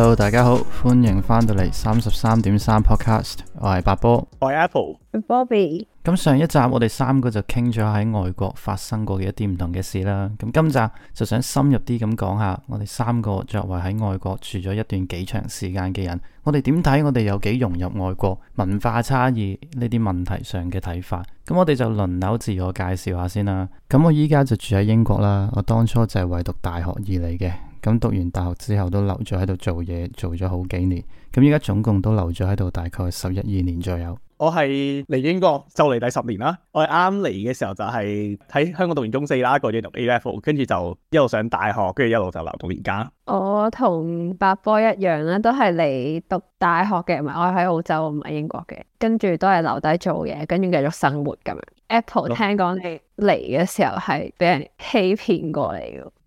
hello，大家好，歡迎翻到嚟三十三點三 podcast，我係白波，我係 Apple，Bobby。咁 Bobby 上一集我哋三個就傾咗喺外國發生過嘅一啲唔同嘅事啦。咁今集就想深入啲咁講下，我哋三個作為喺外國住咗一段幾長時間嘅人，我哋點睇我哋有幾融入外國文化差異呢啲問題上嘅睇法？咁我哋就輪流自我介紹下先啦。咁我依家就住喺英國啦，我當初就係為讀大學而嚟嘅。咁讀完大學之後都留咗喺度做嘢，做咗好幾年。咁依家總共都留咗喺度大概十一二年左右。我係嚟英國，就嚟第十年啦。我係啱嚟嘅時候就係喺香港讀完中四啦，過咗讀 A Level 跟住就一路上大學，跟住一路就留到而家。我同白波一樣咧，都係嚟讀大學嘅，唔係我喺澳洲，唔係英國嘅。跟住都係留低做嘢，跟住繼續生活咁樣。Apple 聽講你嚟嘅時候係俾人欺騙過嚟嘅。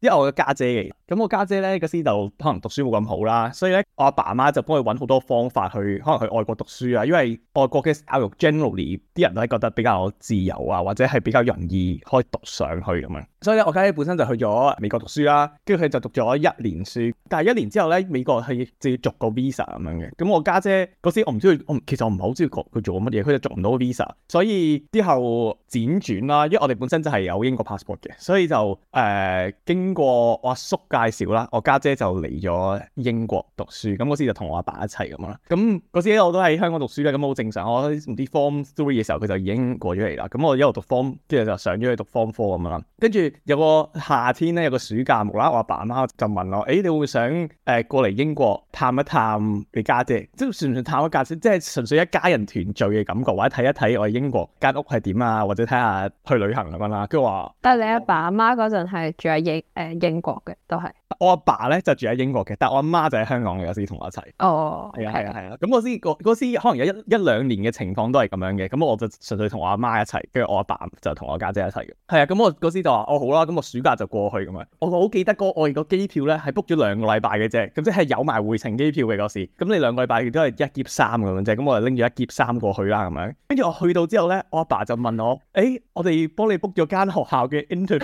因為我嘅家姐嘅，咁我家姐咧嗰時就可能讀書冇咁好啦，所以咧我阿爸阿媽就幫佢揾好多方法去，可能去外國讀書啊，因為外國嘅教育 generally 啲人都係覺得比較自由啊，或者係比較容易可以讀上去咁樣。所以咧我家姐，姐本身就去咗美國讀書啦，跟住佢就讀咗一年書，但係一年之後咧美國係就要續個 visa 咁樣嘅。咁我家姐嗰時我唔知佢，我其實我唔係好知佢佢做乜嘢，佢就續唔到 visa。所以之後輾轉啦，因為我哋本身就係有英國 passport 嘅，所以就誒、呃、經過我阿叔，叔介紹啦，我家姐，姐就嚟咗英國讀書，咁嗰時就同我阿爸，爸一齊咁啦。咁嗰時我都喺香港讀書啦，咁好正常。我唔知 form three 嘅時候，佢就已經過咗嚟啦。咁我一路讀 form，跟住就上咗去讀 form four 咁樣啦。跟住有個夏天咧，有個暑假，無啦啦我阿爸阿媽就問我：，誒、欸，你會想誒、呃、過嚟英國探一探你家姐，姐？即係算唔算探我家姐？即、就、係、是、純粹一家人團聚嘅感覺，或者睇一睇我英國間屋係點啊，或者睇下去旅行咁樣啦。跟住話，但係你阿爸阿媽嗰陣係住喺誒英國嘅都係。我阿爸咧就住喺英國嘅，但係我阿媽就喺香港嘅嗰時同我一齊。哦，係啊，係啊，係啊。咁我先嗰嗰時可能有一一兩年嘅情況都係咁樣嘅。咁我就純粹同我阿媽一齊，跟住我阿爸就同我家姐一齊嘅。係啊，咁我嗰時就話哦好啦，咁我暑假就過去咁樣。我好記得我個機票咧係 book 咗兩個禮拜嘅啫，咁即係有埋回程機票嘅嗰時。咁你兩個禮拜亦都係一喼衫咁樣啫，咁我就拎住一喼衫過去啦咁樣。跟住我去到之後咧，我阿爸就問我：誒，我哋幫你 book 咗間學校嘅 inter，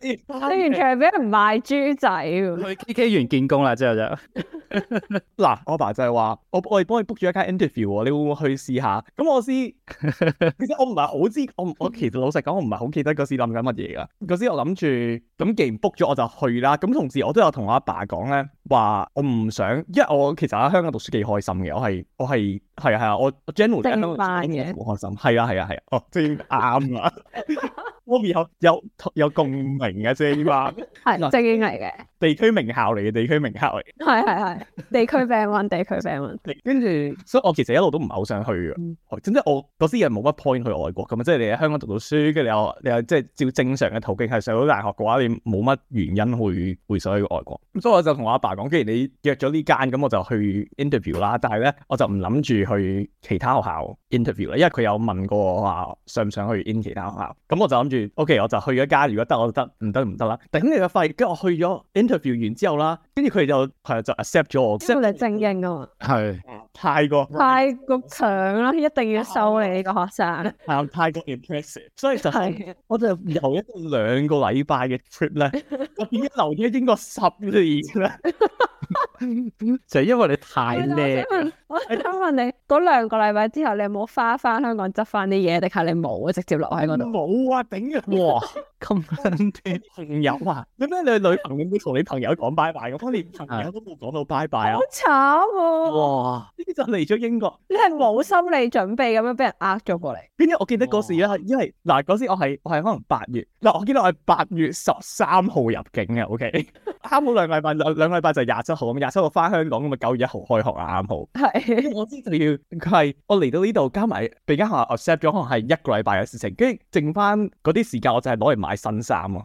你完全係俾人大豬仔，去 K K 完見工啦，之後就嗱，我爸就係話，我我哋幫你 book 咗一間 interview，哦，你會唔會去試下？咁我試，其實我唔係好知，我我其實老實講，我唔係好記得嗰時諗緊乜嘢噶，嗰時我諗住。咁既然 book 咗我就去啦，咁同時我都有同我阿爸講咧，話我唔想，因為我其實喺香港讀書幾開心嘅，我係我係係啊係啊，我 general 嘅好開心，係啊，係啊，係啊，正啱啊，我哋有有有共鳴嘅 正話，係正嚟嘅。地區名校嚟嘅，地區名校嚟，係係係地區 band one，地區 band one。跟住，所以我其實一路都唔係好想去嘅，真真我嗰啲人冇乜 point 去外國咁啊，即係你喺香港讀到書，跟住你又你又即係照正常嘅途徑係上到大學嘅話，你冇乜原因去會想去外國。咁、yeah. number anyway ks sl nymi 所以我就同我阿爸講，既然你約咗呢間，咁、嗯、我就去 interview 啦。但係咧，我就唔諗住去其他學校 interview 啦，因為佢有問過我話想唔想去 in 其他學校。咁我就諗住，OK，我就去一間，如果得我就得，唔得唔得啦，頂你個肺。跟住我去咗 interview 完之後啦，跟住佢哋就係就 accept 咗我，即係你精英啊嘛，係太過太過強啦，一定要收你呢個學生，太過 impressive，所以就我就留一個兩個禮拜嘅 trip 咧，我已經留咗英國十年啦，就係因為你太叻啦。我想問你，嗰兩個禮拜之後，你有冇翻翻香港執翻啲嘢，定係你冇啊？直接留喺嗰度冇啊？頂啊！哇，咁啲朋友啊，你咩你去旅行你朋友講拜拜咁，我連朋友都冇講到拜拜啊！好慘啊！ 哇！呢啲就嚟咗英國，你係冇心理準備咁樣俾人呃咗過嚟。跟住我記得嗰時咧，哇因為嗱嗰時我係我係可能八月嗱，我記得我係八月十三號入境嘅。O K，啱好兩禮拜就兩禮拜就廿七號，廿七號翻香港咁啊，九月一號開學啊，啱好。係 我知道就要，佢係我嚟到呢度加埋，俾間學校 accept 咗，可能係一個禮拜嘅事情，跟住剩翻嗰啲時間，我就係攞嚟買新衫啊。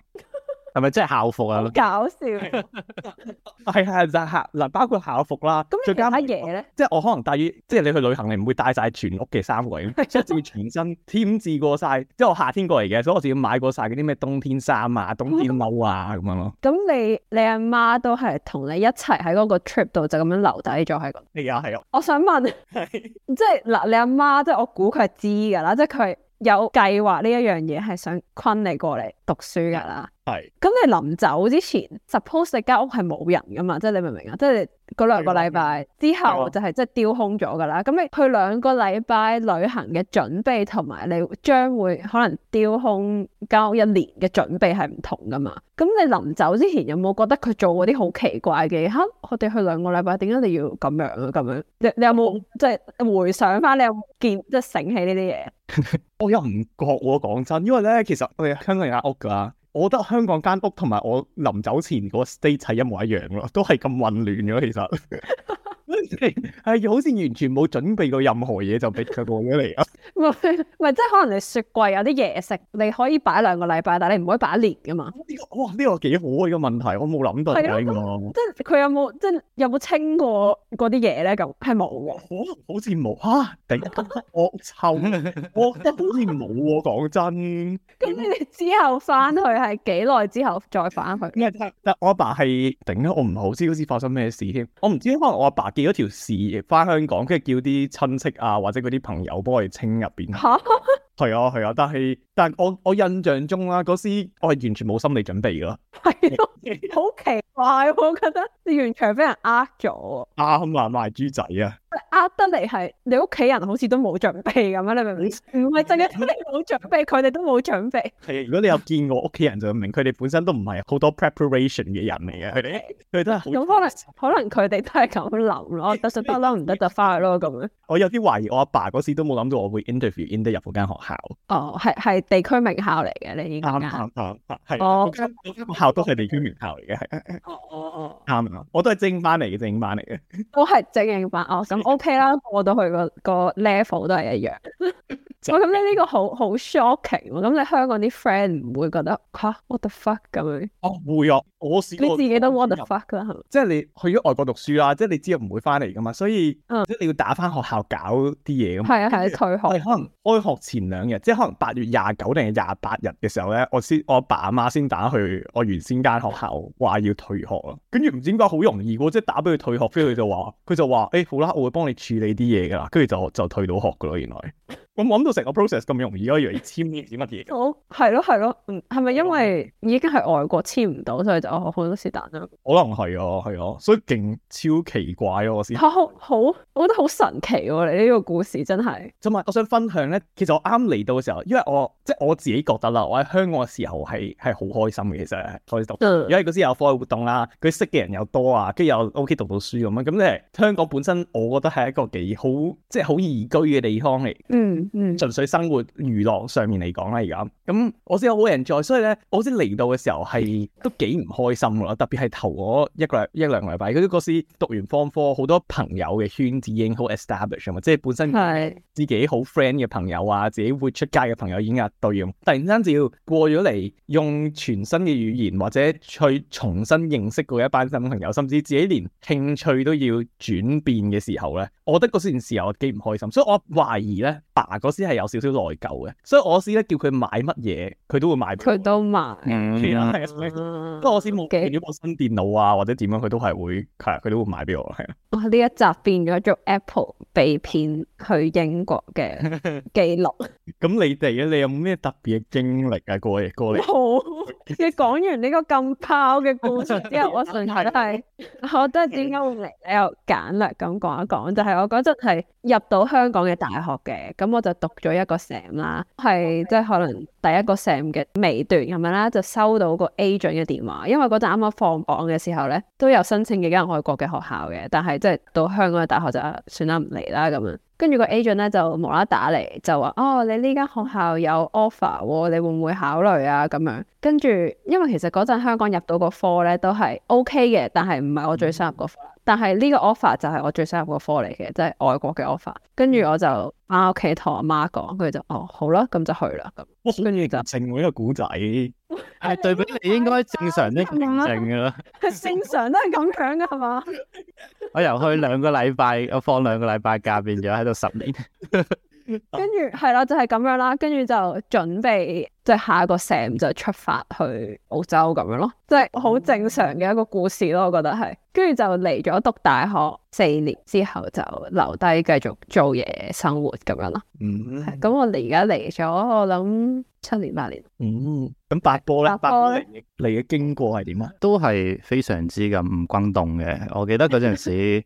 係咪即係校服啊？搞笑、啊，係係就係嗱，包括校服啦。咁仲加乜嘢咧？即係我可能帶住，即係你去旅行你，你唔會帶晒全屋嘅衫嘅，即係要全身添置過晒。即係我夏天過嚟嘅，所以我就要買過晒嗰啲咩冬天衫啊、冬天褸啊咁、嗯、樣咯。咁你你阿媽都係同你一齊喺嗰個 trip 度就咁樣留低咗喺度。你又係我。哎、我想問， 即係嗱，你阿媽即係我估佢係知噶啦，即係佢有計劃呢一樣嘢，係想昆你過嚟讀書噶啦。係，咁、 嗯、你臨走之前，suppose 你間屋係冇人噶嘛，即係你明唔明啊？即係嗰兩個禮拜之後就係即係丟空咗噶啦。咁、啊、你去兩個禮拜旅行嘅準備，同埋你將會可能丟空間屋一年嘅準備係唔同噶嘛。咁你臨走之前有冇覺得佢做嗰啲好奇怪嘅？哈，我哋去兩個禮拜，點解你要咁樣啊？咁樣，你你有冇即係回想翻？你有，有、就是、你有，有見即係醒起呢啲嘢？ 我又唔覺喎、哦，講真，因為咧，其實我哋香港人間屋噶、啊。我覺得香港間屋同埋我臨走前嗰個 state 係一模一樣咯，都係咁混亂嘅其實。 係，invece 嗯、好似完全冇準備過任何嘢就俾佢過咗嚟啊！唔 係，即係可能你雪櫃有啲嘢食，你可以擺兩個禮拜，但係你唔可以擺一年噶嘛？呢個哇，呢個幾好啊！呢個問題我冇諗到。即係佢有冇，即係有冇清過嗰啲嘢咧？咁係冇啊？好，好似冇吓，頂惡臭，我覺得好似冇喎。講真，咁你哋之後翻去係幾耐之後再翻去？但係我阿爸係頂啊！我唔好知唔知發生咩事添？我唔知，可能我阿爸。寄咗條屍翻香港，跟住叫啲親戚啊，或者嗰啲朋友幫佢清入邊。 係啊，係啊，但係但係我我印象中啦，嗰時我係完全冇心理準備噶係好奇怪，我覺得你完全俾人呃咗，啱啊，賣豬仔啊，呃得嚟係你屋企人好似都冇準備咁樣，你明唔明？唔係淨係你冇準備，佢哋都冇準備。係啊，如果你有見過屋企人，就明佢哋本身都唔係好多 preparation 嘅人嚟嘅，佢哋佢都係咁可能可能佢哋都係咁諗咯，得就得咯，唔得就翻去咯咁樣。我有啲懷疑我阿爸嗰時都冇諗到我會 interview，interview 入嗰間學校哦，係係地區名校嚟嘅，你已家啱啱啱，我我間學校都係地區名校嚟嘅，係哦哦哦，啱啊，我都係精英班嚟嘅，精英班嚟嘅，我係精英班哦，咁 OK 啦，過到去個個 level 都係一樣。我咁你呢個好好 shocking，我咁你香港啲 friend 唔會覺得吓 what the fuck 咁樣？哦會啊，我自己都 what the fuck 啦，係咪？即係你去咗外國讀書啦，即係你知道唔會翻嚟噶嘛，所以即係你要打翻學校搞啲嘢咁，係啊係啊，退學可能開學前兩日，即係可能八月廿九定係廿八日嘅時候咧，我先我阿爸阿媽先打去我原先間學校，話要退學咯。跟住唔知點解好容易，啊，我即係打俾佢退學，跟住就話，佢就話，誒、欸、好啦，我會幫你處理啲嘢噶啦，跟住就就退到學噶咯，原來。我冇諗到成個 process 咁容易，我以為簽呢啲乜嘢。 好係咯係咯，嗯，係咪因為已經係外國簽唔到，所以就、哦、好多事彈咗？可能係啊係啊，所以勁超奇怪咯，我先吓好，好，我覺得好神奇喎、啊！你呢個故事真係。同埋，我想分享咧，其實我啱嚟到嘅時候，因為我即係我自己覺得啦，我喺香港嘅時候係係好開心嘅，其實喺內地讀，因為嗰時有課外活動啦、啊，佢識嘅人又多啊，跟住又 O K 讀到書咁、啊、樣，咁即香港本身，我覺得係一個幾好，即係好宜居嘅地方嚟，嗯。純、嗯、粹生活娛樂上面嚟講啦，而家咁我先有好 enjoy，所以咧我先嚟到嘅時候係都幾唔開心噶，特別係頭嗰一個兩一兩禮拜，啲嗰時讀完 form four，好多朋友嘅圈子已經好 establish 啊嘛，即係本身自己好 friend 嘅朋友啊，自己會出街嘅朋友已經入對咗，突然之間就要過咗嚟用全新嘅語言或者去重新認識過一班新朋友，甚至自己連興趣都要轉變嘅時候咧，我覺得嗰段時候我幾唔開心，所以我懷疑咧，嗱，嗰時係有少少內疚嘅，所以我先咧叫佢買乜嘢，佢都會買。佢都買，嗯，不過我先冇記咗部新電腦啊，或者點樣，佢都係會，係佢都會買俾我，係。哇！呢一集變咗做 Apple 被騙去英國嘅記錄。咁你哋咧，你有冇咩特別嘅經歷啊？各位過嚟，冇。你講完呢個咁爆嘅故事之後，我純係都係，我都係點解會嚟？你又簡略咁講一講，就係我嗰陣係入到香港嘅大學嘅，咁我。就讀咗一個 sem 啦，係即係可能第一個 sem 嘅尾段咁樣啦，就收到個 agent 嘅電話，因為嗰陣啱啱放榜嘅時候咧，都有申請幾間外國嘅學校嘅，但係即係到香港嘅大學就算啦，唔嚟啦咁樣。跟住個 agent 咧就無啦啦打嚟，就話：哦，你呢間學校有 offer 喎，你會唔會考慮啊？咁樣跟住，因為其實嗰陣香港入到個科咧都係 OK 嘅，但係唔係我最想入個。但係呢個 offer 就係我最想入個科嚟嘅，即係外國嘅 offer。跟住我就返屋企同阿媽講，佢就哦，好啦，咁就去啦咁。跟住就成為一個古仔，係、 哎、對比你應該正常啲平靜噶啦。 正常都係咁樣噶係嘛？ 我由去兩個禮拜，我放兩個禮拜假，變咗喺度十年。跟住係啦，就係咁樣啦。跟住就準備即係下一個 semester 就出發去澳洲咁樣咯，即係好正常嘅一個故事咯。我覺得係。跟住就嚟咗讀大學四年之後就留低繼續做嘢生活咁樣咯。咁我而家嚟咗我諗七年八年。嗯，咁八波咧，八波咧嚟嘅經過係點呀？都係非常之咁唔轟動嘅。我記得嗰陣時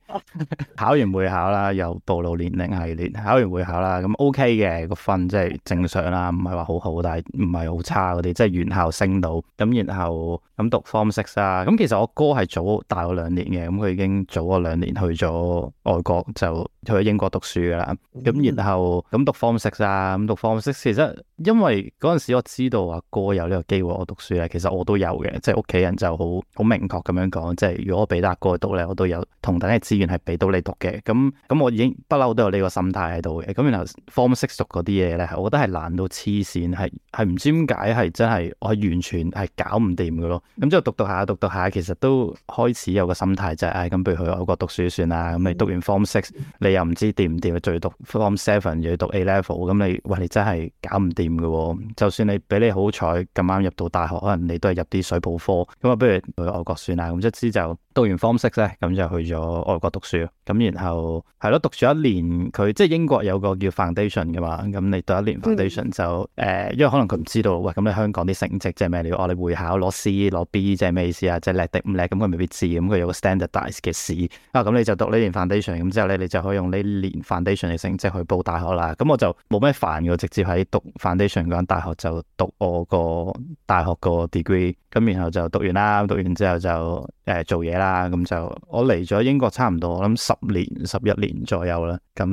考完會考啦，又暴露年齡系列，考完會考啦，咁 OK 嘅個分即係正常啦，唔係話好好，但係唔係好差嗰啲，即係原校升到咁，然後咁讀 form six 啦。咁其實我哥係早大我兩。年嘅咁，佢、嗯、已經早咗兩年去咗外國，就。去英國讀書噶啦，咁然後咁讀 form six 啊，咁讀 form six，其實因為嗰陣時我知道阿哥有呢個機會我讀書咧，其實我都有嘅，即係屋企人就好好明確咁樣講，即係如果我俾得阿哥，哥去讀咧，我都有同等嘅資源係俾到你讀嘅，咁咁我已經不嬲都有呢個心態喺度嘅，咁然後 form six 讀嗰啲嘢咧，我覺得係難到黐線，係係唔知點解，係真係我完全係搞唔掂嘅咯，咁之後讀到下讀到下，下，其實都開始有個心態就係、是，誒，咁不如去外國讀書算啦，咁你讀完 form six 你。又唔知掂唔掂？仲要讀 form seven，再讀 A level，咁你，喂，你真係搞唔掂嘅。就算你俾你好彩咁啱入到大學，可能你都係入啲水泡科。咁啊，不如去外國算啦。咁卒之就。讀完 form 6咧，咁就去咗外國讀書，咁然後係咯，讀咗一年，佢即係英國有個叫 foundation 嘅嘛，咁你讀一年 foundation 就誒、嗯呃，因為可能佢唔知道喂，咁你香港啲成績即係咩料，我哋、哦、會考攞 C 攞 B 即係咩意思啊，即係叻定唔叻？咁佢未必知，咁佢有個 standardize 嘅試，啊，咁你就讀呢年 foundation，咁之後咧，你就可以用呢年 foundation 嘅成績去報大學啦。咁我就冇咩煩嘅，直接喺讀 foundation 嗰間大學就讀我個大學個 degree。咁然後就讀完啦，讀完之後就誒、呃、做嘢啦。咁就我嚟咗英國差唔多，我諗十年十一年左右啦。咁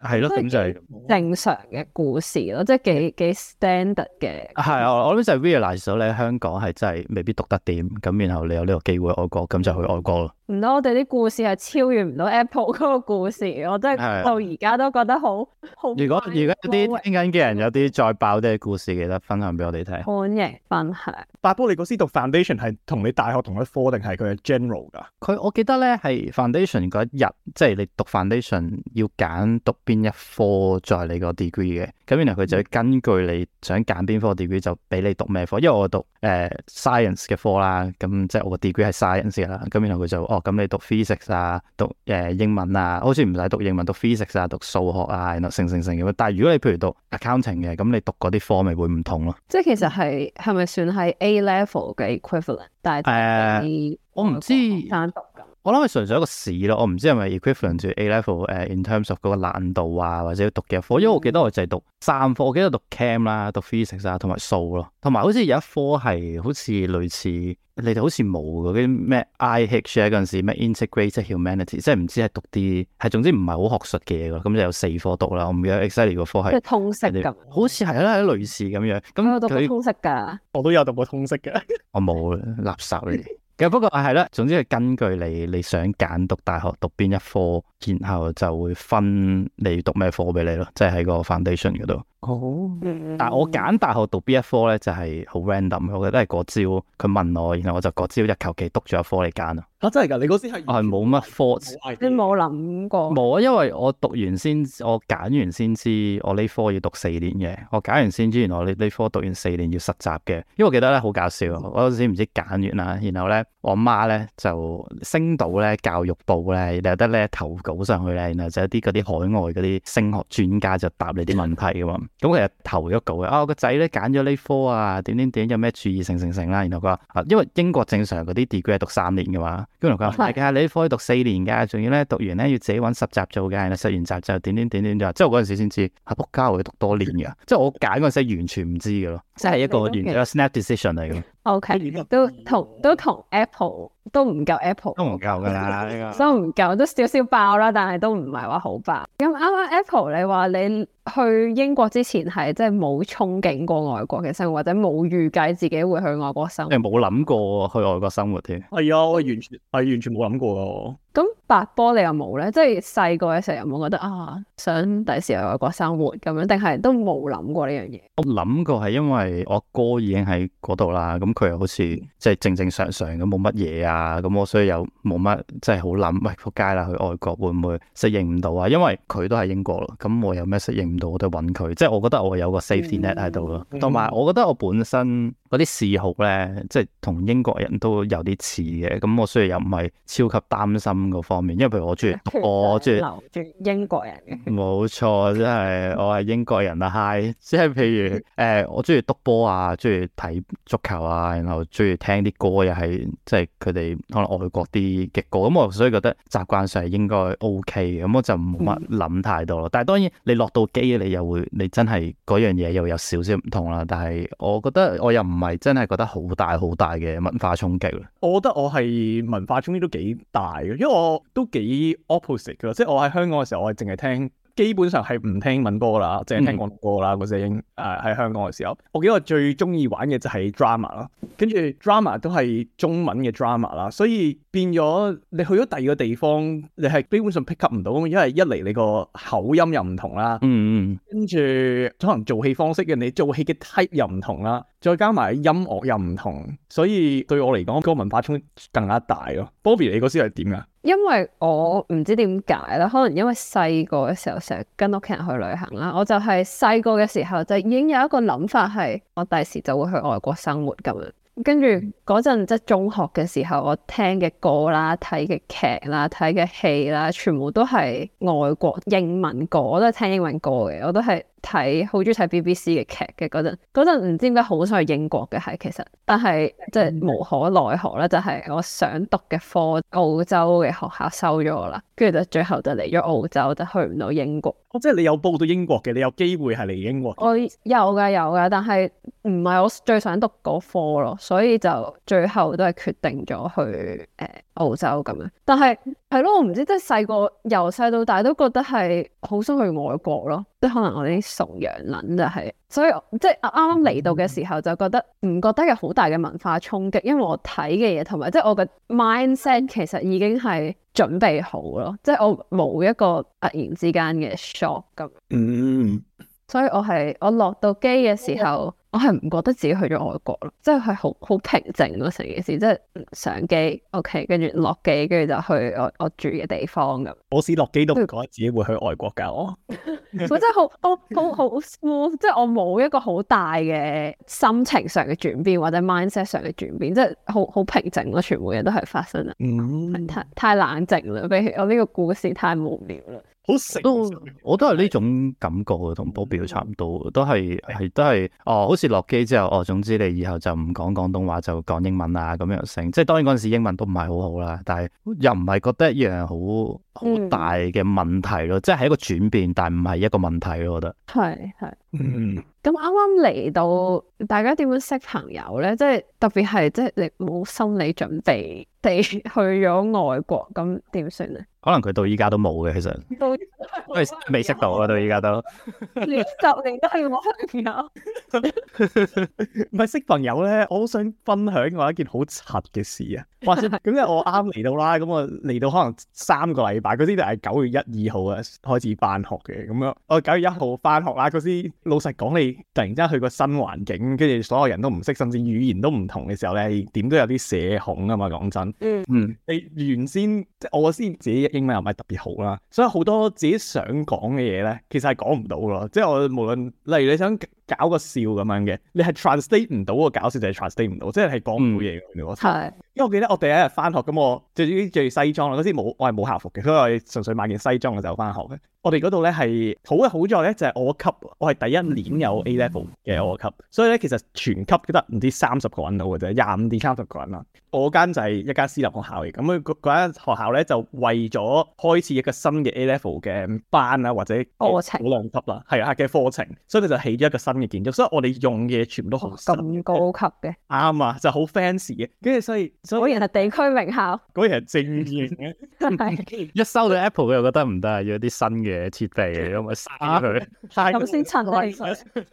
係咯，咁就係、是、正常嘅故事咯，嗯、即係幾幾 standard 嘅。係啊，我諗就係 realize 咗你喺香港係真係未必讀得點，咁然後你有呢個機會外國，咁就去外國啦。唔咯，我哋啲故事係超越唔到 Apple 嗰個故事，我真係到而家都覺得好好。 如果而家啲聽緊嘅人、嗯、有啲再爆啲嘅故事，記得分享俾我哋聽。歡迎分享。八波，你嗰時讀 foundation 係同你大學同一科定係佢係 general 㗎？佢我記得咧係 foundation 嗰一日，即係你讀 foundation 要揀讀邊一科在你個 degree 嘅。咁然後佢就根據你想揀邊科 degree、嗯、就俾你讀咩科。因為我讀誒 science 嘅科啦，咁即係我個 degree 係 science 啦。咁然後佢就哦。哦哦咁你讀 physics 啊，讀誒、呃、英文啊，好似唔使讀英文，讀 physics 啊，讀數學啊，然後成成成咁。但係如果你譬如讀 accounting 嘅，咁你讀嗰啲科咪會唔同咯？即係其實係係咪算係 A level 嘅 equivalent？但係誒、呃，我唔知單讀咁。我諗佢純粹一個試，咯，我唔知係咪 equivalent to A level 誒，in terms of 嗰個難度啊，或者讀嘅科，因為我記得我就係讀三科，我記得讀 chem 啦，讀 physics 啊，同埋數咯，同埋好似有一科係好似類似你哋好似冇嗰啲咩 IHE 嗰陣時咩 Integrated Humanity，即係唔知係讀啲係總之唔係好學術嘅嘢咁就有四科讀啦。我唔記得 exactly 個科係通識咁，好似係啦，類似咁樣。咁我讀通識噶，我都有讀過通識噶， 我冇垃圾嚟。其實不過係啦，總之係根據你你想揀讀大學讀邊一科，然後就會分你讀咩科畀你咯，即係喺個 foundation 嗰度。哦，oh，嗯、但係我揀大學讀邊一科咧，就係好 random，我覺得係嗰朝佢問我，然後我就嗰朝日求其篤咗一科嚟揀咯。吓、啊、真係噶？你嗰時係係冇乜 thought 你冇諗過？冇啊，因為我讀完先，我揀完先知我呢科要讀四年嘅。我揀完先知，原來我呢科讀完四年要實習嘅。因為我記得咧好搞笑，我嗰時唔知揀完啦，然後咧我媽咧就升到咧教育部咧有得咧投稿上去咧，然後就一啲嗰啲海外嗰啲升學專家就答你啲問題噶 咁其實投咗稿嘅，啊，我個仔咧揀咗呢科啊，點點點有咩注意性成成啦，然後佢話啊，因為英國正常嗰啲 degree 係讀三年嘅嘛，咁然後佢話係嘅，係嘅你科係讀四年噶，仲要咧讀完咧要自己搵實習做嘅，然後實完習就點點點點就，即係我嗰陣時先知，啊撲街，我要讀多年噶，即係我揀嗰陣時完全唔知嘅咯，即係一個完全一個 snap decision 嚟嘅，OK，都同都同 Apple。都唔夠 Apple，都唔夠噶啦呢個， 都唔夠都少少爆啦，但係都唔係話好爆。咁啱啱 Apple，你話你去英國之前係即係冇憧憬過外國嘅生活，或者冇預計自己會去外國生活，你冇諗過去外國生活添？係啊，我完全係完全冇諗過啊。咁白波你又冇咧？即係細個嘅時候有冇覺得啊，想第時去外國生活咁樣？定係都冇諗過呢樣嘢？我諗過係，因為我哥哥已經喺嗰度啦，咁佢又好似即係正正常常咁冇乜嘢啊。啊，咁我所以又冇乜即係好諗，唔係仆街啦，去外國會唔會適應唔到啊？因為佢都係英國咯，咁我有咩適應唔到我都揾佢，即係我覺得我有個 safety net 喺度咯。同埋、嗯嗯、我覺得我本身嗰啲嗜好咧，即係同英國人都有啲似嘅，咁我所以又唔係超級擔心嗰方面。因為譬如我中意，我中意中英國人嘅，冇錯，即係我係英國人啊 ！Hi，即係譬如誒、欸，我中意督波啊，中意睇足球啊，然後中意聽啲歌，又、就、係、是、即係佢哋。可能外國啲嘅歌，咁我所以覺得習慣上係應該 OK 嘅，咁我就冇乜諗太多咯。嗯、但係當然你落到機，你又會，你真係嗰樣嘢又有少少唔同啦。但係我覺得我又唔係真係覺得好大好大嘅文化衝擊咯。我覺得我係文化衝擊都幾大嘅，因為我都幾 opposite 嘅，即係我喺香港嘅時候，我係淨係聽。基本上係唔聽英文歌啦，淨係聽廣歌啦。嗰時已經喺香港嘅時候，我記得我最中意玩嘅就係 drama 咯，跟住 drama 都係中文嘅 drama 啦，所以變咗你去咗第二個地方，你係基本上 pick up 唔到，因為一嚟你個口音又唔同啦，嗯嗯，跟住可能做戲方式嘅你做戲嘅 type 又唔同啦，再加埋音樂又唔同，所以對我嚟講個文化衝更加大咯。Bobby 你嗰時係點㗎？因為我唔知點解啦，可能因為細個嘅時候成日跟屋企人去旅行啦，我就係細個嘅時候就已經有一個諗法係，我第時就會去外國生活。咁跟住嗰陣，即中學嘅時候，我聽嘅歌啦、睇嘅劇啦、睇嘅戲啦，全部都係外國英文歌，我都係聽英文歌嘅，我都係。睇好中意睇 BBC 嘅劇嘅嗰陣，嗰陣唔知點解好想去英國嘅係其實，但係即係無可奈何啦，就係、是，我想讀嘅科澳洲嘅學校收咗我啦，跟住就最後就嚟咗澳洲，就去唔到英國。哦，即係你有報到英國嘅，你有機會係嚟英國？我有㗎，有㗎，但係唔係我最想讀嗰科咯，所以就最後都係決定咗去誒。呃澳洲咁樣，但係係咯，我唔知即係細個由細到大都覺得係好想去外國咯，即係可能我啲崇洋諗就係、是，所以即係啱啱嚟到嘅時候就覺得唔覺得有好大嘅文化衝擊，因為我睇嘅嘢同埋即係我嘅 mindset 其實已經係準備好咯，即係我冇一個突然之間嘅 shock 咁。嗯，所以我係我落到機嘅時候。Okay. 我係唔覺得自己去咗外國咯，即係係好好平靜咯成件事，即係上機 OK，跟住落機，跟住就去我我住嘅地方咁。我試落機都唔覺得自己會去外國㗎， 真我真係好我好好即係我冇一個好大嘅心情上嘅轉變或者 mindset 上嘅轉變，即係好好平靜咯，全部嘢都係發生啦，mm.，太冷靜啦，譬如我呢個故事太無聊啦。好成，我都我都係呢種感覺同 Bobbi 都差唔多，都係係的都係哦，好似落機之後哦，總之你以後就唔講廣東話，就講英文啊咁樣成，即係當然嗰陣時英文都唔係好好啦，但係又唔係覺得一樣好好大嘅問題咯，嗯、即係係一個轉變，但係唔係一個問題，我覺得係係。嗯，咁啱啱嚟到，大家點樣識朋友咧？即係特別係，即係你冇心理準備地去咗外國，咁點算咧？可能佢到依家都冇嘅，其實 到未識到啊， 到依家都十年都係我朋友。唔 係 識朋友咧，我好想分享我一件好柒嘅事啊！咁因為我啱嚟到啦，咁我嚟到可能三個禮拜，嗰時就係九月一、二號啊，開始翻學嘅，咁樣我九月一號翻學啦，嗰時。 老實講，你突然間去個新環境，跟住所有人都唔識，甚至語言都唔同嘅時候咧，你點都有啲社恐啊嘛！講真，嗯嗯，你原先即係我先自己英文又唔係特別好啦，所以好多自己想講嘅嘢咧，其實係講唔到咯。即係我無論例如你想搞個笑咁樣嘅，你係 translate 唔到個搞笑就係 translate 唔到，即係係講唔到嘢嘅。係、嗯。因為我記得我第一日翻學咁我就中意着西裝啦，嗰時冇我係冇校服嘅，所以我純粹買件西裝嘅就翻學嘅。我哋嗰度咧係好嘅，好在咧就係、是、我級我係第一年有 A level 嘅我級，嗯、所以咧其實全級都得唔知三十個人到嘅啫，廿五至三十個人啦。我間就係一間私立學校嚟。咁佢嗰間學校咧就為咗開始一個新嘅 A level 嘅班啊或者課程補兩級啦，係啊嘅課程，所以佢就起咗一個新嘅建築，所以我哋用嘅全部都好咁高級嘅，啱啊就好、是、fancy 嘅，跟住所以。所以果然係地區名校。果然係正嘢嘅， 一收到 Apple 佢又覺得唔得啊！要有啲新嘅設備，咁咪殺佢，咁先趁貴水。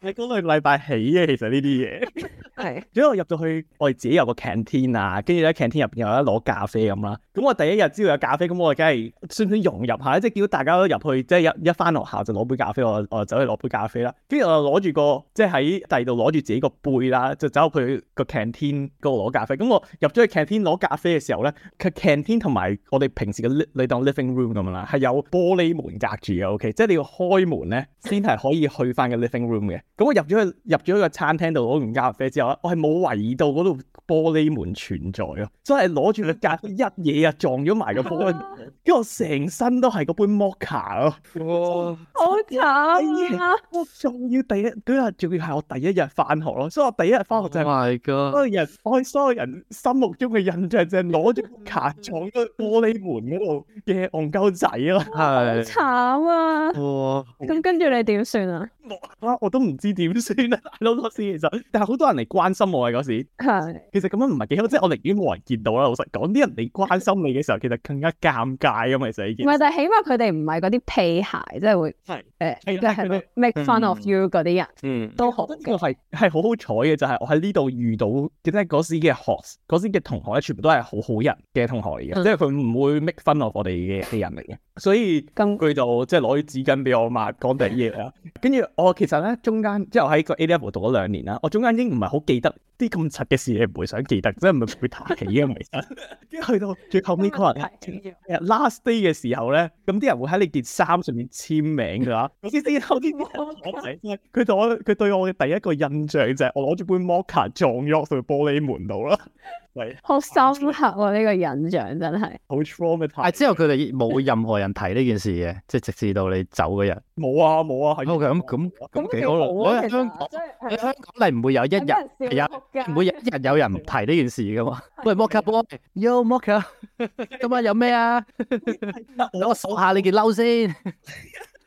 你講到禮拜起嘅、啊，其實呢啲嘢係。因 為 我入到去，我哋自己有個 canteen 啊，跟住咧 canteen 入邊有得攞咖啡咁啦。咁我第一日知道有咖啡，咁我梗係算唔算融入下，即係如果大家都入去，即係一一翻學校就攞杯咖啡，我我走去攞杯咖啡啦。跟住我就攞住個，即係喺第二度攞住自己個杯啦，就走去個 canteen 嗰度攞咖啡。咁我入咗去 canteen 攞咖啡嘅時候咧，佢 canteen 同埋我哋平時嘅你當 living room 咁樣啦，係有玻璃門隔住嘅，OK，即係你要開門咧，先係可以去翻個 living room 嘅。咁我入咗去，入咗去個餐廳度攞完咖啡之後，我係冇為意到嗰度玻璃門存在啊，所以攞住佢夾一嘢，啊撞咗埋個玻璃。跟住我成身都係嗰杯摩卡咯。好慘啊！我仲要第一日仲要係我第一日翻學咯，所以我第一日翻學就係、是，所有、哦、人我所有人心目中嘅印象就係攞住杯卡撞咗玻璃門嗰度嘅戇鳩仔啦。係哇，慘啊！咁哇跟住你點算啊？我我都唔知點算啊！撈多先其實，但係好多人嚟關心我嘅嗰時，其實咁樣唔係幾好，即係我寧願冇人見到啦。老實講，啲人嚟關心你嘅時候，其實更加尷尬，咁其實已經唔係，但係起碼佢哋唔係嗰啲屁孩，即係會係誒 make fun of you 嗰啲人。都好，我係係好好彩嘅，就係我喺呢度遇到，即係嗰時嘅學嗰時嘅同學咧，全部都係好好人嘅同學嚟嘅，即係佢唔會 make fun of 我哋嘅啲人嚟嘅。所以根佢就即係攞啲紙巾俾我抹第二嘢啦，跟住。我其實咧中間即係我喺個 A Level 讀咗兩年啦，我中間已經唔係好記得。啲咁柒嘅事，你唔會想記得，即係唔會睇嘅，唔係。跟去到最後尾嗰日，last day 嘅時候咧，咁啲人會喺你件衫上面簽名㗎啦。我先知道啲佢對我佢對我嘅第一個印象就係我攞住杯摩 a r k e 佢玻璃門度啦。係，好深刻啊！呢個印象真係。好 t r u m 之後佢哋冇任何人睇呢件事嘅，即係直至到你走嗰日。冇啊冇啊，係。咁咁咁幾好啊！喺香港，喺香港你唔會有一日每日人有人提呢件事㗎嘛， 喂摩卡波，Yo 摩卡，今晚有咩啊？我數下你件褸先。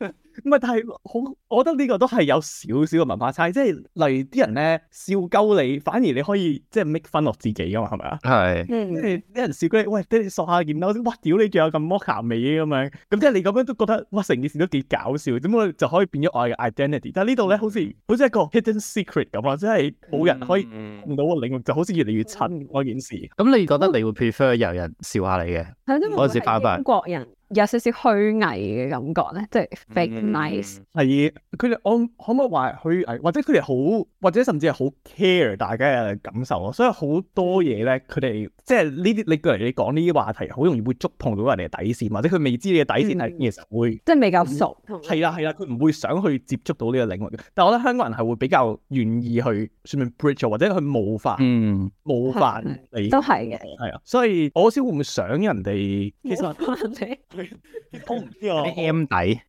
唔係，但係好，我覺得呢個都係有少少嘅文化差，即係例如啲人咧笑鳩你，反而你可以即係 make fun of 自己噶嘛，係咪啊？係，即係啲人笑鳩你，喂，你索下件褸，哇，屌你仲有咁剝牙味嘅嘛？咁即係你咁樣都覺得，哇、嗯，成件事都幾搞笑，點解就可以變咗我嘅 identity？但係呢度咧好似好似一個 hidden secret 咁咯，即係冇人可以搵到個領域，就好似越嚟越親嗰件事。咁你覺得你會 prefer 有人笑下你嘅？還是反而英國人有少少虛偽嘅感覺咧？即係 nice 係佢哋，我可唔可以話佢或者佢哋好，或者甚至係好 care 大家嘅感受咯。所以好多嘢咧，佢哋即係呢啲，你譬如你講呢啲話題，好容易會觸碰到人哋嘅底線，或者佢未知你嘅底線係點嘅時候會、嗯、即係未夠熟。係啦、嗯，係啦，佢唔會想去接觸到呢個領域。但係我覺得香港人係會比較願意去，算唔算 bridge 做，或者去冒犯、嗯、冒犯的你都係嘅，係啊的。所以我先會唔會想人哋？ 其實我唔知啊，M 底。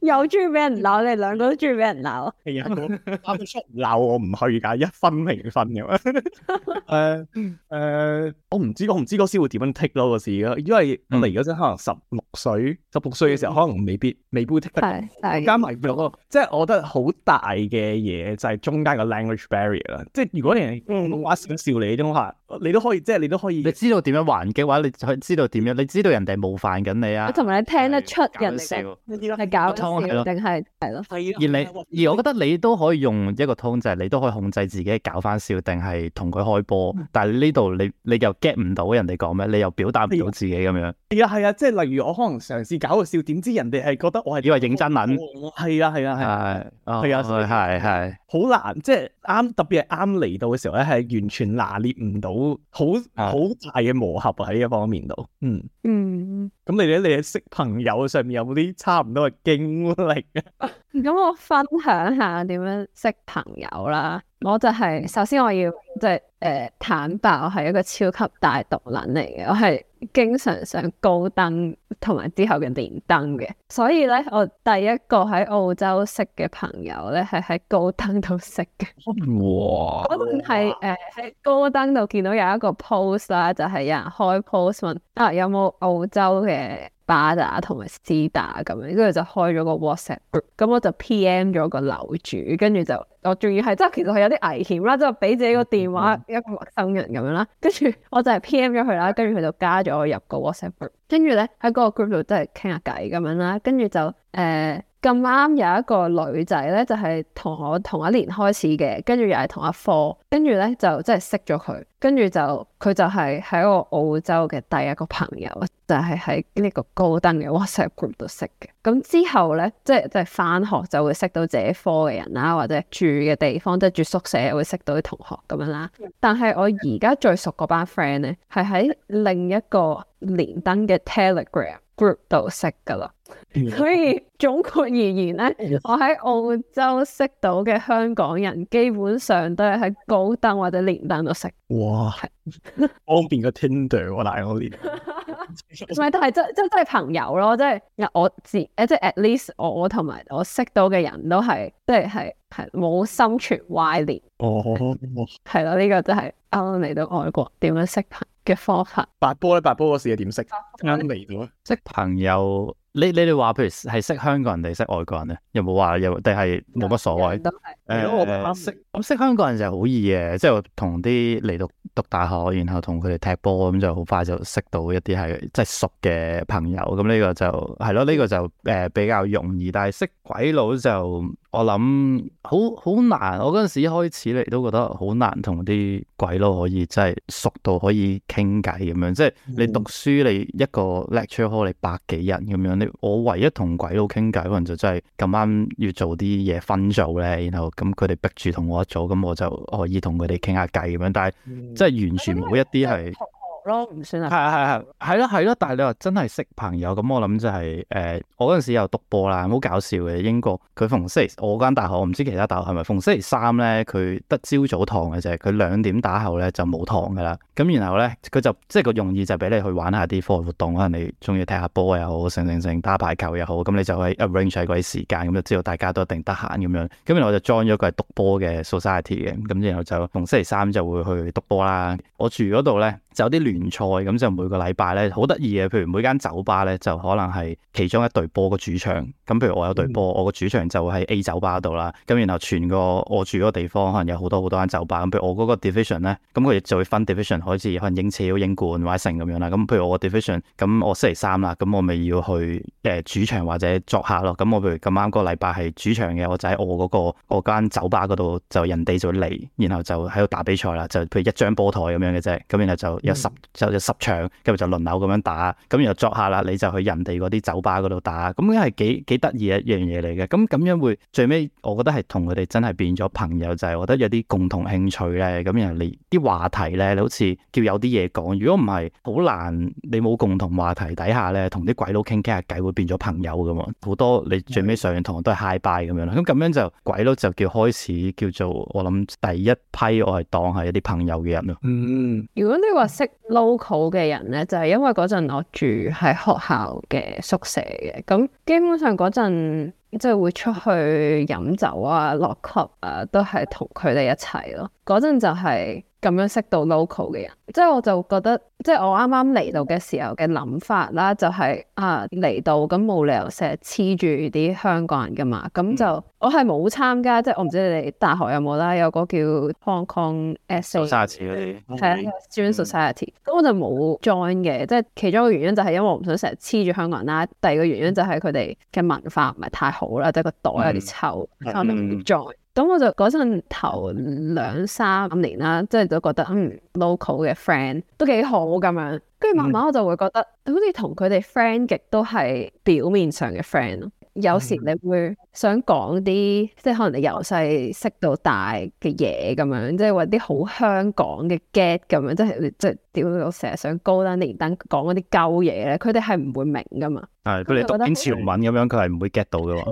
有中意俾人鬧，你哋兩個都中意俾人鬧。係啊，我阿妹出鬧我唔去噶，一分零分咁。誒誒，我唔知，我唔知嗰時會點樣 take 咯個事咯。因為我哋而家真可能十六歲，十六歲嘅時候可能未必未必 take 得。加埋個，即係我覺得好大嘅嘢就係中間嘅 language barrier 啦。即係如果你話想笑你，都話你都可以，即係你都可以。你知道點樣還擊嘅話，你去知道點樣，你知道人哋冒犯緊你啊。同埋你聽得出人哋。啲咯，係定係係咯，而你而我覺得你都可以用一個通，就係你都可以控制自己搞翻笑，定係同佢開波。但係呢度你你又 get 唔到人哋講咩，你又表達唔到自己咁樣。係啊，係啊，即係例如我可能嘗試搞個笑，點知人哋係覺得我係以為認真緊。係啊，係啊，係啊，係啊，係係好難，即係啱特別係啱嚟到嘅時候咧，係完全拿捏唔到，好好大嘅磨合喺呢一方面度。嗯嗯。咁你咧，你喺識朋友上面有冇啲差唔多嘅經歷啊？ 咁我分享下點樣識朋友啦。我就係、是、首先我要、即係、坦白，我係一個超級大毒撚嚟嘅。我係。經常上高登同埋之後嘅連登嘅，所以咧我第一個喺澳洲識嘅朋友咧係喺高登度識嘅。哇！嗰陣係誒喺高登度見到有一個 post 啦，就係有人開 post 問啊有冇澳洲嘅。巴打同埋斯打咁樣，跟住就開咗個 WhatsApp group，咁我就 P.M. 咗個樓主，跟住就我仲要係即係其實佢有啲危險啦，即係俾自己個電話一個陌生人咁樣啦，跟住我就係 P.M. 咗佢啦，跟住佢就加咗我入個 WhatsApp group。跟住咧喺嗰個 group 度即係傾下偈咁樣啦，跟住就誒，呃咁啱有一個女仔咧，就係同我同一年開始嘅，跟住又係同一科，跟住咧就即係識咗佢，跟住就佢就係喺我澳洲嘅第一個朋友，就係喺呢個高登嘅 WhatsApp group 度識嘅。咁之後咧，即係即係返學就會識到自己科嘅人啦，或者住嘅地方，即係住宿舍會識到啲同學咁樣啦。但係我而家最熟嗰班 friend 咧，係喺另一個連登嘅 Telegram group 度識㗎喇。 所以總括而言咧，我喺澳洲識到嘅香港人，基本上都係喺高登或者連登度識。哇，方便個是 tinder 我大我連，唔係， 但係真真真係朋友咯，即、就、係、是、我自誒，即係 at least 我我同埋我識到嘅人都係，即係係係冇心存歪念。哦，係、哦、咯，呢、這個真係啱啱嚟到外國點樣識朋友嘅方法。白波咧，白波嗰時係點識啱嚟到即識朋友？你你哋話，譬如係識香港人定識外國人咧？有冇話有定係冇乜所謂？得係，我誒，咁識香港人就好易嘅，即係同啲嚟讀讀大學，然後同佢哋踢波咁，就好快就識到一啲係即係熟嘅朋友。咁呢個就係咯，呢、呢個就誒、呃、比較容易。但係識鬼佬就～我諗好好難，我嗰陣時一開始嚟都覺得好難同啲鬼佬可以真係熟到可以傾偈咁樣，即係你讀書你一個 lecture hall，你百幾人咁樣，你我唯一同鬼佬傾偈，可能就真係咁啱要做啲嘢分組咧，然後咁佢哋逼住同我一組，咁、嗯、我就可以同佢哋傾下偈咁樣，但係即係完全冇一啲係。咯，唔算是啊。係啊，係咯，但係你話真係識朋友咁、呃，我諗就係誒，我嗰陣時有篤波啦，好搞笑嘅。英國佢逢星期我間大學，我唔知其他大學係咪逢星期三咧，佢得朝早堂嘅啫。佢兩點打後咧就冇堂噶啦。咁然後咧佢就即係個用意就俾你去玩下啲課外活動，可能你中意踢下波又好，成成成打排球又好。咁你就可以 arrange 下啲時間，咁就知道大家都一定得閒咁樣。咁然後我就 join 咗個係篤波嘅 society 嘅。咁然後就逢星期三就會去篤波啦。我住嗰度咧。有啲聯賽咁就每個禮拜咧好得意嘅，譬如每間酒吧咧就可能係其中一隊波嘅主場。咁譬如我有隊波，嗯、我個主場就會喺 A 酒吧度啦。咁然後全個我住嗰個地方可能有好多好多間酒吧。咁譬如我嗰個 division 咧，咁佢亦就會分 division，好似，可能英超、英冠或者成咁樣啦。咁譬如我個 division，咁我星期三啦，咁我咪要去誒主場或者作客咯。咁我譬如咁啱嗰個禮拜係主場嘅，我就喺我嗰、嗰個我間酒吧嗰度就人哋就會嚟，然後就喺度打比賽啦。就譬如一張波台咁樣嘅啫，咁然後就、嗯。有十就就十場，跟住就輪流咁樣打，咁又作下啦，你就去人哋嗰啲酒吧嗰度打，咁樣係幾幾得意一樣嘢嚟嘅。咁咁樣會最尾，我覺得係同佢哋真係變咗朋友，就係、是、我覺得有啲共同興趣咧，咁然後你啲話題咧，你好似叫有啲嘢講。如果唔係，好難你冇共同話題底下咧，同啲鬼佬傾傾下偈，會變咗朋友㗎嘛？好多你最尾上堂都係 high 拜咁樣啦。咁咁樣就鬼佬就叫開始叫做我諗第一批，我係當係一啲朋友嘅人咯。嗯，如果你話。識 local 嘅人呢，就係、是、因為嗰陣我住喺學校嘅宿舍嘅，咁基本上嗰陣即係會出去飲酒啊、落 club 啊，都係同佢哋一齊咯。嗰陣就係咁樣識到 local 嘅人，即、就、係、是、我就覺得。即係我啱啱嚟到嘅時候嘅諗法啦，就係啊嚟到咁冇理由成日黐住啲香港人噶嘛，咁就我係冇參加，即係我唔知你哋大學有冇啦，有個叫 Hong Kong Society 咁我就冇 join 嘅，即係其中一個原因就係因為我唔想成日黐住香港人啦，第二個原因就係佢哋嘅文化唔係太好啦，即係個袋有啲臭，差唔多冇 join。咁我就嗰陣頭兩三年啦，即係都覺得嗯 local 嘅 friend 都幾好。咁樣，跟住慢慢我就會覺得，嗯、好似同佢哋 friend 極都係表面上嘅 friend 咯。有時你會想講啲，嗯、即係可能你由細識到大嘅嘢咁樣，即係話啲好香港嘅 get 咁樣，即係即係，屌到成日想高登連登講嗰啲鳩嘢咧，佢哋係唔會明噶嘛。係佢哋讀緊詞語文咁樣，佢係唔會 get 到嘅嘛。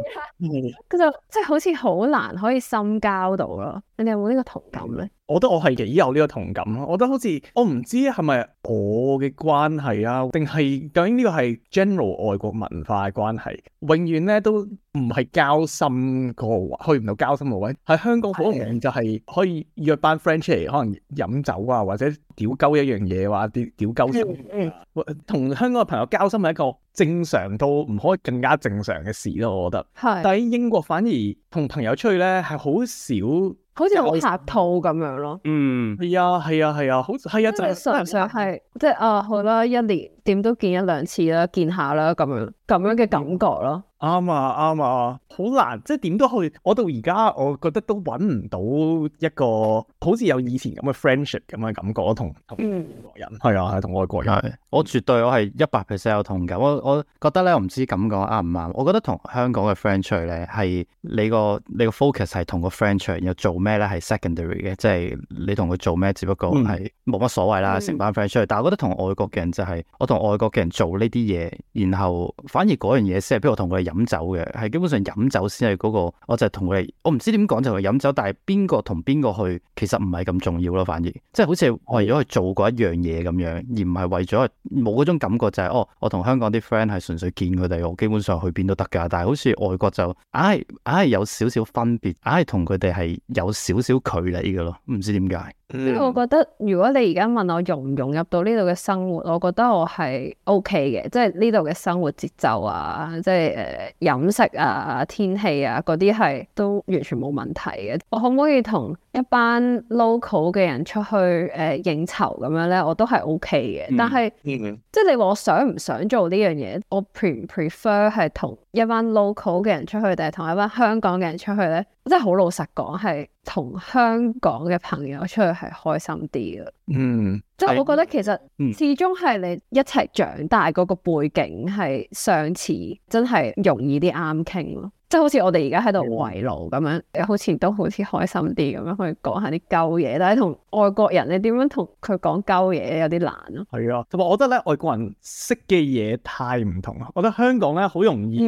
佢就 即係好似好難可以深交到咯。你哋有冇呢個同感咧？我覺得我係幾有呢個同感咯。我覺得好似我唔知係咪我嘅關係啊，定係究竟呢個係 general 外國文化嘅關係，永遠咧都唔係交心個位，去唔到交心個位。喺香港好容易就係可以約班 friend 嚟，可能飲酒啊或者。屌鳩一樣嘢話屌屌鳩，同香港嘅朋友交心係一個正常到唔可以更加正常嘅事咯，我覺得。係。但喺英國反而同朋友出去咧係好少，好似好客套咁樣咯。嗯，係啊，係啊，係啊，好係啊，就純粹係即係啊，好啦，一年點都見一兩次啦，見下啦，咁樣咁樣嘅感覺咯。啱啊，啱啊，好難，即係點都去，我到而家我覺得都揾唔到一個好似有以前咁嘅 friendship 咁嘅感覺，同同外國人，係、嗯、啊，係同外國人，我絕對我係一百 percent 有同感，我我覺得咧，我唔知咁講啱唔啱，我覺得同香港嘅 friendship 咧係你個你個 focus 係同個 friendship，然後做咩咧係 secondary 嘅，即係、就是、你同佢做咩，只不過係冇乜所謂啦，成、嗯、班 friendship，但係我覺得同外國嘅人就係、是、我同外國嘅人做呢啲嘢，然後反而嗰樣嘢先係譬如我同佢哋飲酒嘅係基本上飲酒先係嗰個，我就係同佢哋，我唔知點講就係、是、飲酒。但係邊個同邊個去，其實唔係咁重要咯，反而即係好似我為咗去做過一樣嘢咁樣，而唔係為咗冇嗰種感覺就係、是、哦，我同香港啲 friend 係純粹見佢哋，我基本上去邊都得噶。但係好似外國就，哎哎有少少分別，哎同佢哋係有少少、哎、距離噶咯，唔知點解。即我覺得如果你而家問我融唔融入到呢度嘅生活，我覺得我係 OK 嘅，即係呢度嘅生活節奏啊，即係誒飲食啊、天氣啊嗰啲係都完全冇問題嘅。我可唔可以同？一班 local 嘅人出去誒應酬咁樣咧，我都係 OK 嘅。但係即係你話我想唔想做呢樣嘢？我 pre 唔 prefer 係同一班 local 嘅人出去，定係同一班香港嘅人出去咧？真係好老實講，係同香港嘅朋友出去係開心啲嘅。嗯。即係我覺得其實始終係你一齊長大嗰個背景係相似，真係容易啲啱傾咯。即係好似我哋而家喺度圍爐咁樣，好似都好似開心啲咁樣去講下啲鳩嘢。但係同外國人你樣點樣同佢講鳩嘢有啲難，啊。係啊，同埋我覺得咧外國人識嘅嘢太唔同。我覺得香港咧好容易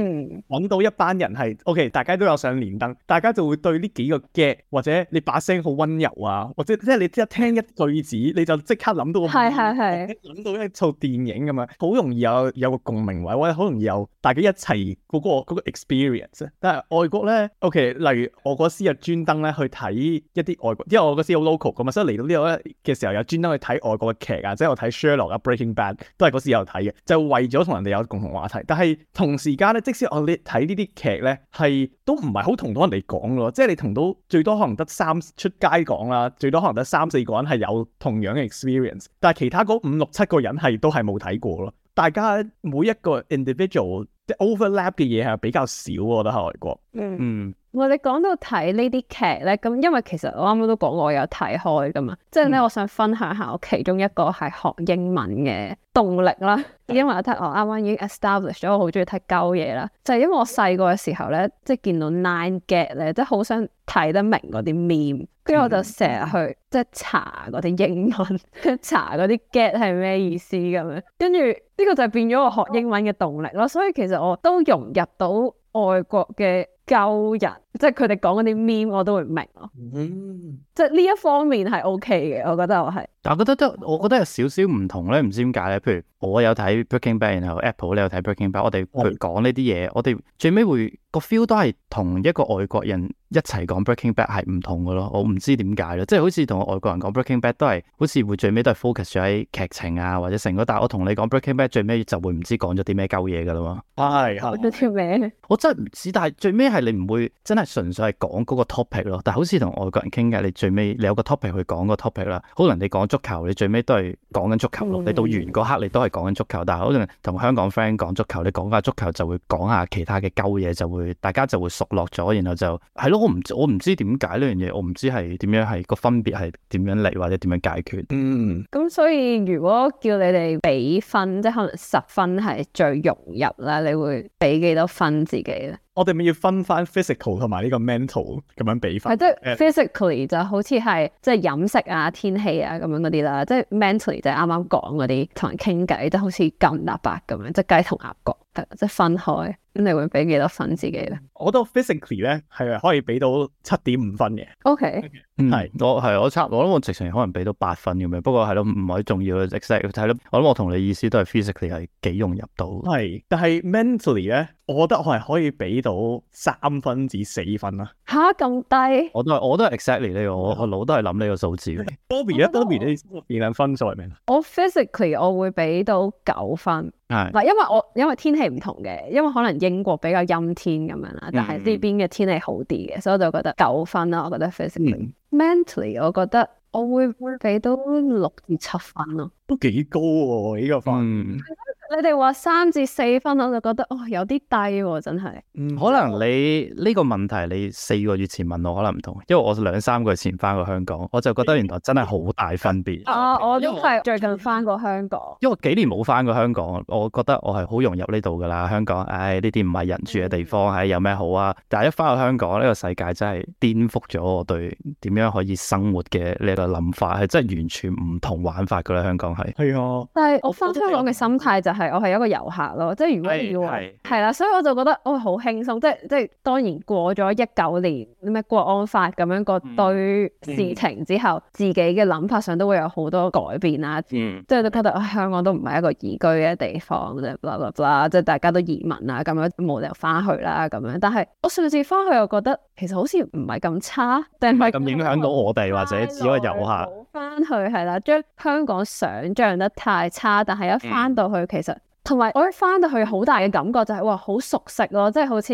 揾到一班人係、嗯、OK，大家都有上連登，大家就會對呢幾個 get 或者你把聲好溫柔啊，或者即係你一聽一句子你就即刻。諗到係係係，諗到一套電影咁樣，好容易有有個共鳴位，或者好容易有大家一齊嗰個嗰個 experience，但係外國咧，OK，例如我嗰時有專登咧去睇一啲外國，因為我嗰時好 local 咁嘛，所以嚟到呢度咧嘅時候有專登去睇外國嘅劇啊，即係我睇 Sherlock、Breaking Bad 都係嗰時有睇嘅，就為咗同人哋有共同話題。但係同時間咧，即使我哋睇呢啲劇咧，係都唔係好同到人哋講咯，即係你同到最多可能得三出街講啦、啊，最多可能得三四個人係有同樣嘅 experience。但係其他嗰五六七個人係都係冇睇過咯，大家每一個 individual，即係 overlap 嘅嘢係比較少，我覺得係外國，嗯。嗯我哋講到睇呢啲劇咧，咁因為其實我啱啱都講過我有睇開噶嘛，即係咧，我想分享下我其中一個係學英文嘅動力啦。因為我睇我啱啱已經 establish 咗，我好中意睇鳩嘢啦。就係、是、因為我細個嘅時候咧，即係見到 nine get 咧，即係好想睇得明嗰啲 meme，跟住我就成日去即係查嗰啲英文，查嗰啲 get 係咩意思咁樣。跟住呢個就變咗我學英文嘅動力啦。所以其實我都融入到外國嘅。救人，即係佢哋講嗰啲 meme 我都會明咯，嗯、即係呢一方面係 OK 嘅，我覺得我係。但係覺得都，我覺得有少少唔同咧，唔知點解咧？譬如我有睇 Breaking Bad，然後 Apple 你有睇 Breaking Bad，我哋講呢啲嘢，哦、我哋最尾會個 feel 都係同一個外國人一齊講 Breaking Bad 係唔同嘅咯。我唔知點解咯，即係好似同外國人講 Breaking Bad 都係好似會最尾都係 focus 咗喺劇情啊或者成個，但係我同你講 Breaking Bad 最尾就會唔知講咗啲咩鳩嘢㗎啦嘛。係、哎，改咗條名。我真係唔知，但係最尾係。你唔會真係純粹係講嗰個 topic 咯，但係好似同外國人傾偈，你最尾你有個 topic 去講個 topic 啦。可能你講足球，你最尾都係講緊足球咯。你到完嗰刻，你都係講緊足球。嗯，但係可能同香港 friend 講足球，你講下足球就會講下其他嘅鳩嘢，就會大家就會熟落咗。然後就係咯，我唔我唔知點解呢樣嘢，我唔知係點樣係個分別係點樣嚟，或者點樣解決。嗯，咁所以如果叫你哋俾分，即係可能十分係最融入咧，你會俾幾多分自己咧？我哋咪要分翻 physical 同埋呢個 mental 咁樣俾翻，係即係 physically 就好似係即係飲食啊、天氣啊咁樣嗰啲啦，即係 mentally 就係啱啱講嗰啲同人傾偈，即係好似夾唔搭八咁樣，即係雞同鴨講。即係分開，咁你會俾幾多分自己咧 Okay.？我覺得 physically 咧係可以俾到七點五分嘅。O K，係我係我差唔多，我諗我直情可能俾到八分咁樣。不過係咯唔係重要嘅，exactly 要睇咯。我諗我同你意思都係 physically 係幾融入到。係，但係 mentally 咧，我覺得我係可以俾到三分至四分啦。吓咁低我？我都係，我、嗯、我都係 exactly 呢個，我腦都係諗呢個數字嘅。Bobby 啊，Bobby 你而家分數係咩？我 physically 我會俾到九分，係，嗱，因為我因為天氣唔同嘅，因為可能英國比較陰天咁樣啦，但係呢邊嘅天氣好啲嘅，嗯、所以我就覺得九分啦、啊。我覺得 physically、嗯、mentally，我覺得我會俾到六至七分咯、啊。都幾高喎、啊，呢個分。嗯你哋話三至四分，我就覺得哦，有啲低喎、哦，真係、嗯。可能你呢、哦、個問題，你四個月前問我，可能唔同，因為我兩三個月前翻過香港，我就覺得原來真係好大分別。啊、哦，我都係最近翻過香港，因為我幾年冇翻過香港，我覺得我係好融入呢度噶啦。香港，唉、哎，呢啲唔係人住嘅地方，唉、嗯哎，有咩好啊？但係一翻到香港，呢、呢個世界真係顛覆咗我對點樣可以生活嘅呢個諗法，係真係完全唔同玩法噶啦。香港係。係啊。但係我翻香港嘅心態就是。係，我係一個遊客咯，即係如果要係啦，所以我就覺得我好、哦、輕鬆，即係即係當然過咗一九年咩國安法咁樣，個堆事情之後，嗯嗯、自己嘅諗法上都會有好多改變啦。嗯、即係都覺得、哎、香港都唔係一個宜居嘅地方啦啦啦，即係大家都移民啦、啊，咁樣冇理由翻去啦，咁樣。但係我上次翻去又覺得其實好似唔係咁差，定係咁影響到我哋或者只係遊客翻去係啦，將香港想象得太差，但係一翻到去、嗯、其實。同埋我一翻到去，好大嘅感覺就係哇，好熟悉咯，即係好似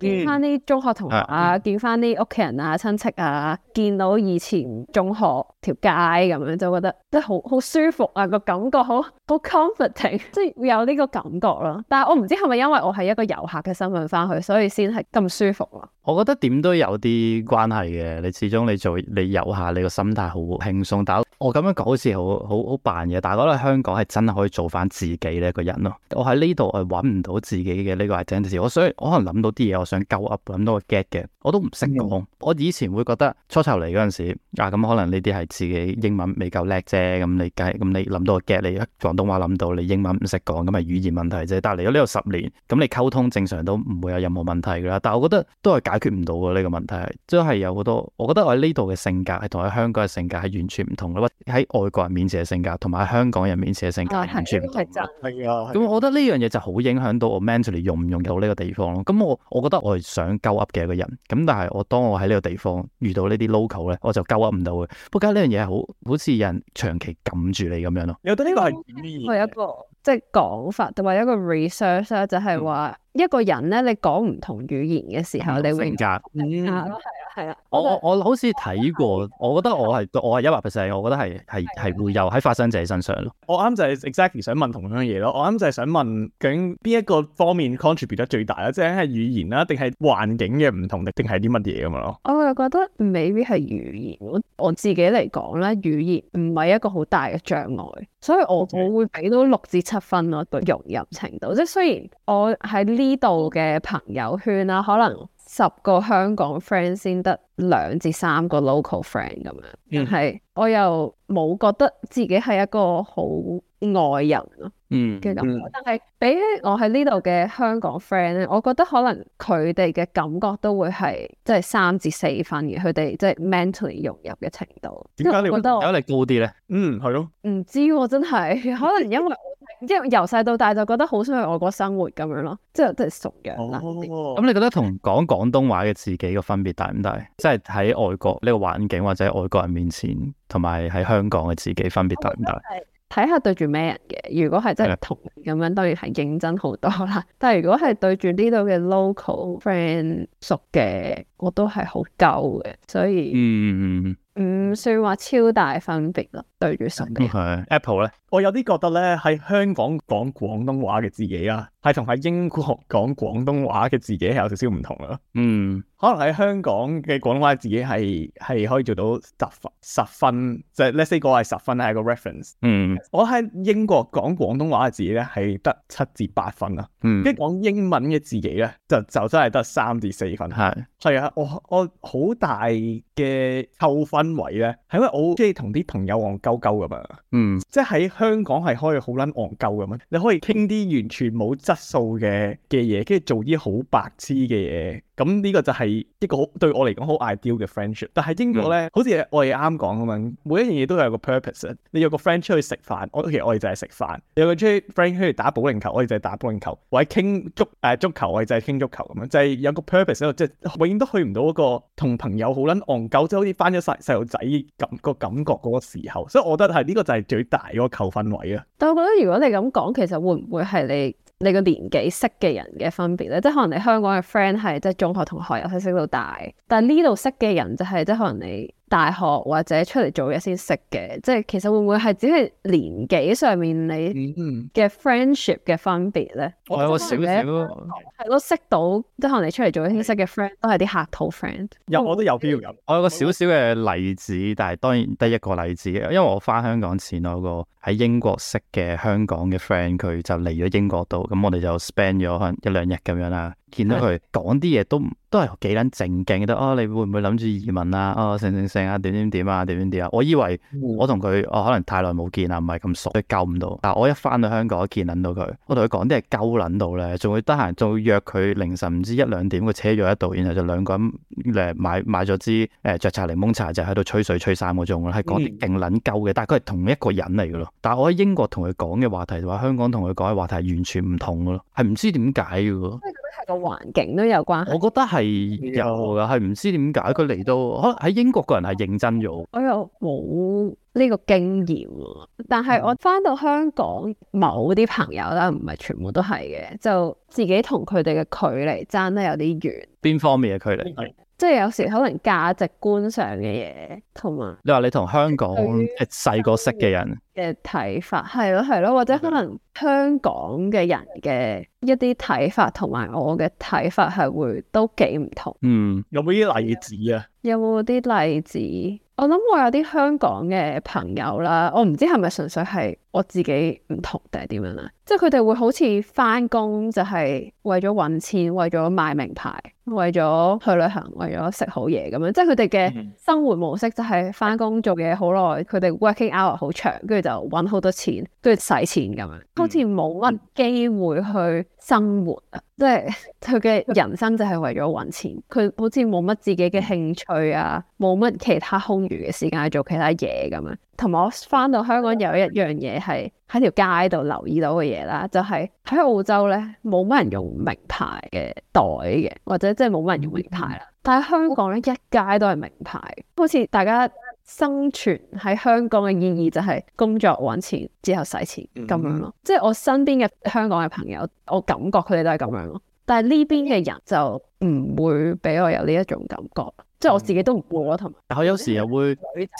見翻啲中學同學啊，嗯嗯、見翻啲屋企人啊、親戚啊，見到以前中學條街咁樣，就覺得即係好好舒服啊，個感覺好好 comforting，即係會有呢個感覺咯。但係我唔知係咪因為我係一個遊客嘅身份翻去，所以先係咁舒服咯、啊。我覺得點都有啲關係嘅，你始終你做你有下你個心態好輕鬆，但係我咁樣講好似好好好扮嘢。但係我覺得香港係真係可以做翻自己呢一個人咯。我喺呢度係揾唔到自己嘅呢個 identity，我想我可能諗到啲嘢，我想鳩噏諗到個 get 嘅。我都唔識講，嗯、我以前會覺得初頭嚟嗰陣時啊，咁、嗯、可能呢啲係自己英文未夠叻啫，咁你梗係，咁你諗到 g e 你，廣東話諗到你英文唔識講，咁係語言問題啫。但係嚟咗呢度十年，咁你溝通正常都唔會有任何問題噶啦。但係我覺得都係解決唔到嘅呢個問題，即係有好多，我覺得我喺呢度嘅性格係同喺香港嘅性格係完全唔同啦，喺外國人面前嘅性格同埋喺香港人面前嘅性格完全唔同。係啊，咁我覺得呢樣嘢就好影響到我 mentally 嚟用唔用到呢個地方咯。咁我我覺得我係想鳩 up 嘅一個人。咁但係我當我喺呢個地方遇到呢啲 local 咧，我就鳩噏唔到嘅。不過呢樣嘢好好似有人長期撳住你咁樣咯。你覺得呢個係係一個即係講法，同埋一個 research 啊 rese，就係話。一個人咧，你講唔同語言嘅時候，格你會、嗯、性格咯，係啊，係啊。我我我好似睇過我我我我，我覺得我係我係一百 percent，我覺得係係係會有喺發生者身上咯。的我啱就係 exactly 想問同樣嘢咯。我啱就係想問究竟邊一個方面 contribute 得最大咧？即係係語言啦，定係環境嘅唔同定定係啲乜嘢咁咯？我又覺得未必係語言。我自己嚟講咧，語言唔係一個好大嘅障礙，所以我 Okay. 我會俾到六至七分咯，對融入程度。即係雖然我喺呢。呢度嘅朋友圈啦，可能十個香港 friend 先得兩至三個 local friend 咁樣，嗯、但係我又冇覺得自己係一個好外人咯，嗯嘅感覺。嗯嗯、但係比起我喺呢度嘅香港 friend 咧，我覺得可能佢哋嘅感覺都會係即係三至四分，而佢哋即係 mentally 融入嘅程度。點解你覺得壓力高啲咧？嗯，係咯，唔知、啊、真係，可能因為 即係由細到大就覺得好想去外國生活咁樣咯，即係都係熟人啦。咁、oh, oh, oh. 你覺得同講廣東話嘅自己個分別大唔大？即係喺外國呢個環境，或者喺外國人面前，同埋喺香港嘅自己分別大唔大？睇下對住咩人嘅，如果係真係同人咁樣，當然係認真好多啦。但係如果係對住呢度嘅 local friend 熟嘅，我都係好鳩嘅，所以嗯。嗯唔算話超大分別咯，對住神面。Apple 咧，我有啲覺得咧，喺香港講廣東話嘅自己啦、啊，係同喺英國講廣東話嘅自己係有少少唔同咯。嗯。可能喺香港嘅廣東話自己係係可以做到十分即 Let say, 十分，就 let's say 過係十分咧，係一個 reference。嗯，mm. 我喺英國講廣東話嘅自己咧係得七至八分啦。嗯，跟講英文嘅自己咧就就真係得三至四分。係，Yeah. 所以係我我好大嘅扣分位咧，係因為我即係同啲朋友戇鳩鳩㗎嘛。嗯，mm. 即係喺香港係可以好撚戇鳩噉樣，你可以傾啲完全冇質素嘅嘅嘢，跟住做啲好白痴嘅嘢。咁呢個就係一個好對我嚟講好 ideal 嘅 friendship，但係英國咧，嗯、好似我哋啱講咁樣，每一樣嘢都有個 purpose。你有個 friend 出去食飯，我其實我哋就係食飯；有個 friend 出去打保齡球，我哋就係打保齡球；或者傾足誒、呃、足球，我哋就係傾足球咁樣，就係、是、有個 purpose 喺度，即係永遠都去唔到嗰個同朋友惶惶、就是、好撚戇鳩，即係好似翻咗細細路仔咁個感覺嗰個時候。所以我覺得係呢個就係最大嗰個扣分位啊。但我覺得如果你咁講，其實會唔會係你？你個年紀識嘅人嘅分別咧，即可能你香港嘅 friend 係即係中學同學由細識到大，但係呢度識嘅人就係、係、即係可能你，大學或者出嚟做嘢先識嘅，即係其實會唔會係只係年紀上面你嘅 friendship 嘅分別咧？我有、嗯嗯、個少少，係咯的，都識到即係可能你出嚟做嘢先識嘅 friend 的都係啲客套 friend 有。有我都有必要有，嗯、我有個少少嘅例子，的但係當然得一個例子，因為我翻香港前我有個喺英國識嘅香港嘅 friend，佢就嚟咗英國度，咁我哋就 spend 咗可能一兩日咁樣啦。見到佢講啲嘢都都係幾撚正經，得啊、哦！你會唔會諗住移民啊？哦、行行行行啊，成成成啊，點點點啊，點點點啊！我以為我同佢，我、哦、可能太耐冇見啊，唔係咁熟，佢救唔到。但我一返到香港一見撚到佢，我同佢講啲係鳩撚到咧，仲會得閒仲約佢凌晨唔知一兩點，佢車咗喺度，然後就兩個人誒買買咗支誒雀茶檸檬茶就喺度吹水吹三個鐘啦，係講啲勁撚鳩嘅，但係佢係同一個人嚟嘅咯。但係我喺英國同佢講嘅話題同埋香港同佢講嘅話題係完全唔同嘅咯，係唔知點解嘅。環境都有關，我覺得係有㗎，係唔知點解佢嚟到，可能喺英國個人係認真咗。我又冇呢個經驗，但係我翻到香港某啲朋友啦，唔係全部都係嘅，就自己同佢哋嘅距離爭得有啲遠。邊方面嘅距離？即係，有時可能價值觀上嘅嘢，同埋你話你同香港誒細個識嘅人嘅睇法係囉，係囉，或者可能香港嘅人嘅一啲睇法同埋我嘅睇法係會都幾唔同。嗯，有冇啲例子啊？有冇啲例子？我諗我有啲香港嘅朋友啦，我唔知係咪純粹係我自己唔同定係點樣啦。即係佢哋會好似翻工就係為咗搵錢，為咗買名牌，為咗去旅行，為咗食好嘢咁樣。即係佢哋嘅生活模式就係翻工做嘢好耐，佢哋 working hour 好長，跟住就搵好多錢，跟住使錢咁樣，嗯、好似冇乜機會去生活啊。即係佢嘅人生就係為咗搵錢，佢好似冇乜自己嘅興趣啊，冇乜其他空餘嘅時間去做其他嘢咁樣。同埋我翻到香港有一樣嘢係喺條街度留意到嘅嘢啦，就係喺澳洲呢，冇乜人用名牌嘅袋嘅，或者即係冇乜人用名牌啦。但係香港呢，一街都係名牌，好似大家。生存喺香港嘅意義就係工作搵錢，之後使錢咁樣咯，mm hmm. 即係我身邊嘅香港嘅朋友，我感覺佢哋都係咁樣咯。但係呢邊嘅人就唔會俾我有呢一種感覺。即係我自己都唔攰咯，同埋我有時又會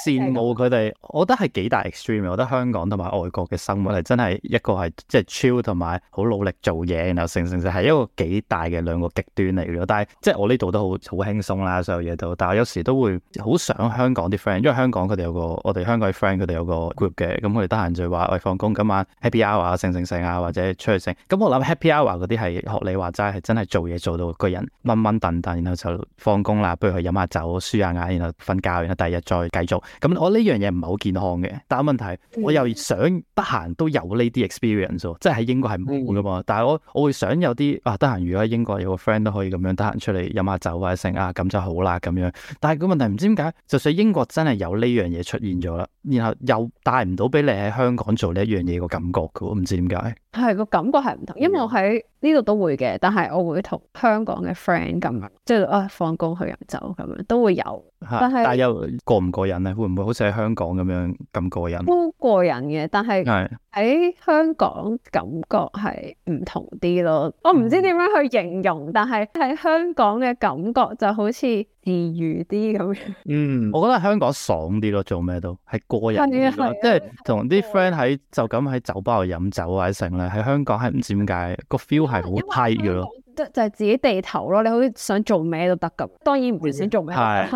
羨慕佢哋，我覺得係幾大 extreme。我覺得香港同埋外國嘅生活係真係一個係即係 chill 同埋好努力做嘢，然後成成成係一個幾大嘅兩個極端嚟嘅。但係即係我呢度都好好輕鬆啦，所有嘢都。但係我有時都會好想香港啲 friend，因為香港佢哋有個我哋香港啲 friend 佢哋有個 group 嘅，咁佢哋得閒就話：「喂放工，今晚 happy hour 啊，成成成啊，或者出去食。」咁我諗 happy hour 嗰啲係學你話齋係真係做嘢做到個人掹掹掟掟，然後就放工啦。不如去飲下。就舒下眼，然後瞓覺，然後第二日再繼續。咁我呢樣嘢唔係好健康嘅，但係問題我又想得閒都有呢啲 experience，即係喺英國係冇噶嘛。但係我我會想有啲啊得閒，如果喺英國有個 friend 都可以咁樣得閒出嚟飲下酒啊，剩啊咁就好啦咁樣。但係個問題唔知點解，就算英國真係有呢樣嘢出現咗啦，然後又帶唔到俾你喺香港做呢一樣嘢個感覺噶，我唔知點解。係個感覺係唔同，因為我喺呢度都會嘅，但係我會同香港嘅 friend 咁樣，即係、嗯就是、啊放工去飲酒咁樣都會有，但係但係又過唔過癮咧？會唔會好似喺香港咁樣咁過癮？都過癮嘅，但係喺香港感覺係唔同啲咯。是我唔知點樣去形容，嗯、但係喺香港嘅感覺就好似。自娛啲咁樣，嗯，我覺得香港爽啲咯，做咩都係個人咯，的即係同啲 friend 喺就咁喺酒吧度飲酒啊，啲剩咧喺香港係唔知點解 個 feel 係好 high 嘅咯。即就係自己地頭咯，你好似想做咩都得咁。當然唔係想做咩，係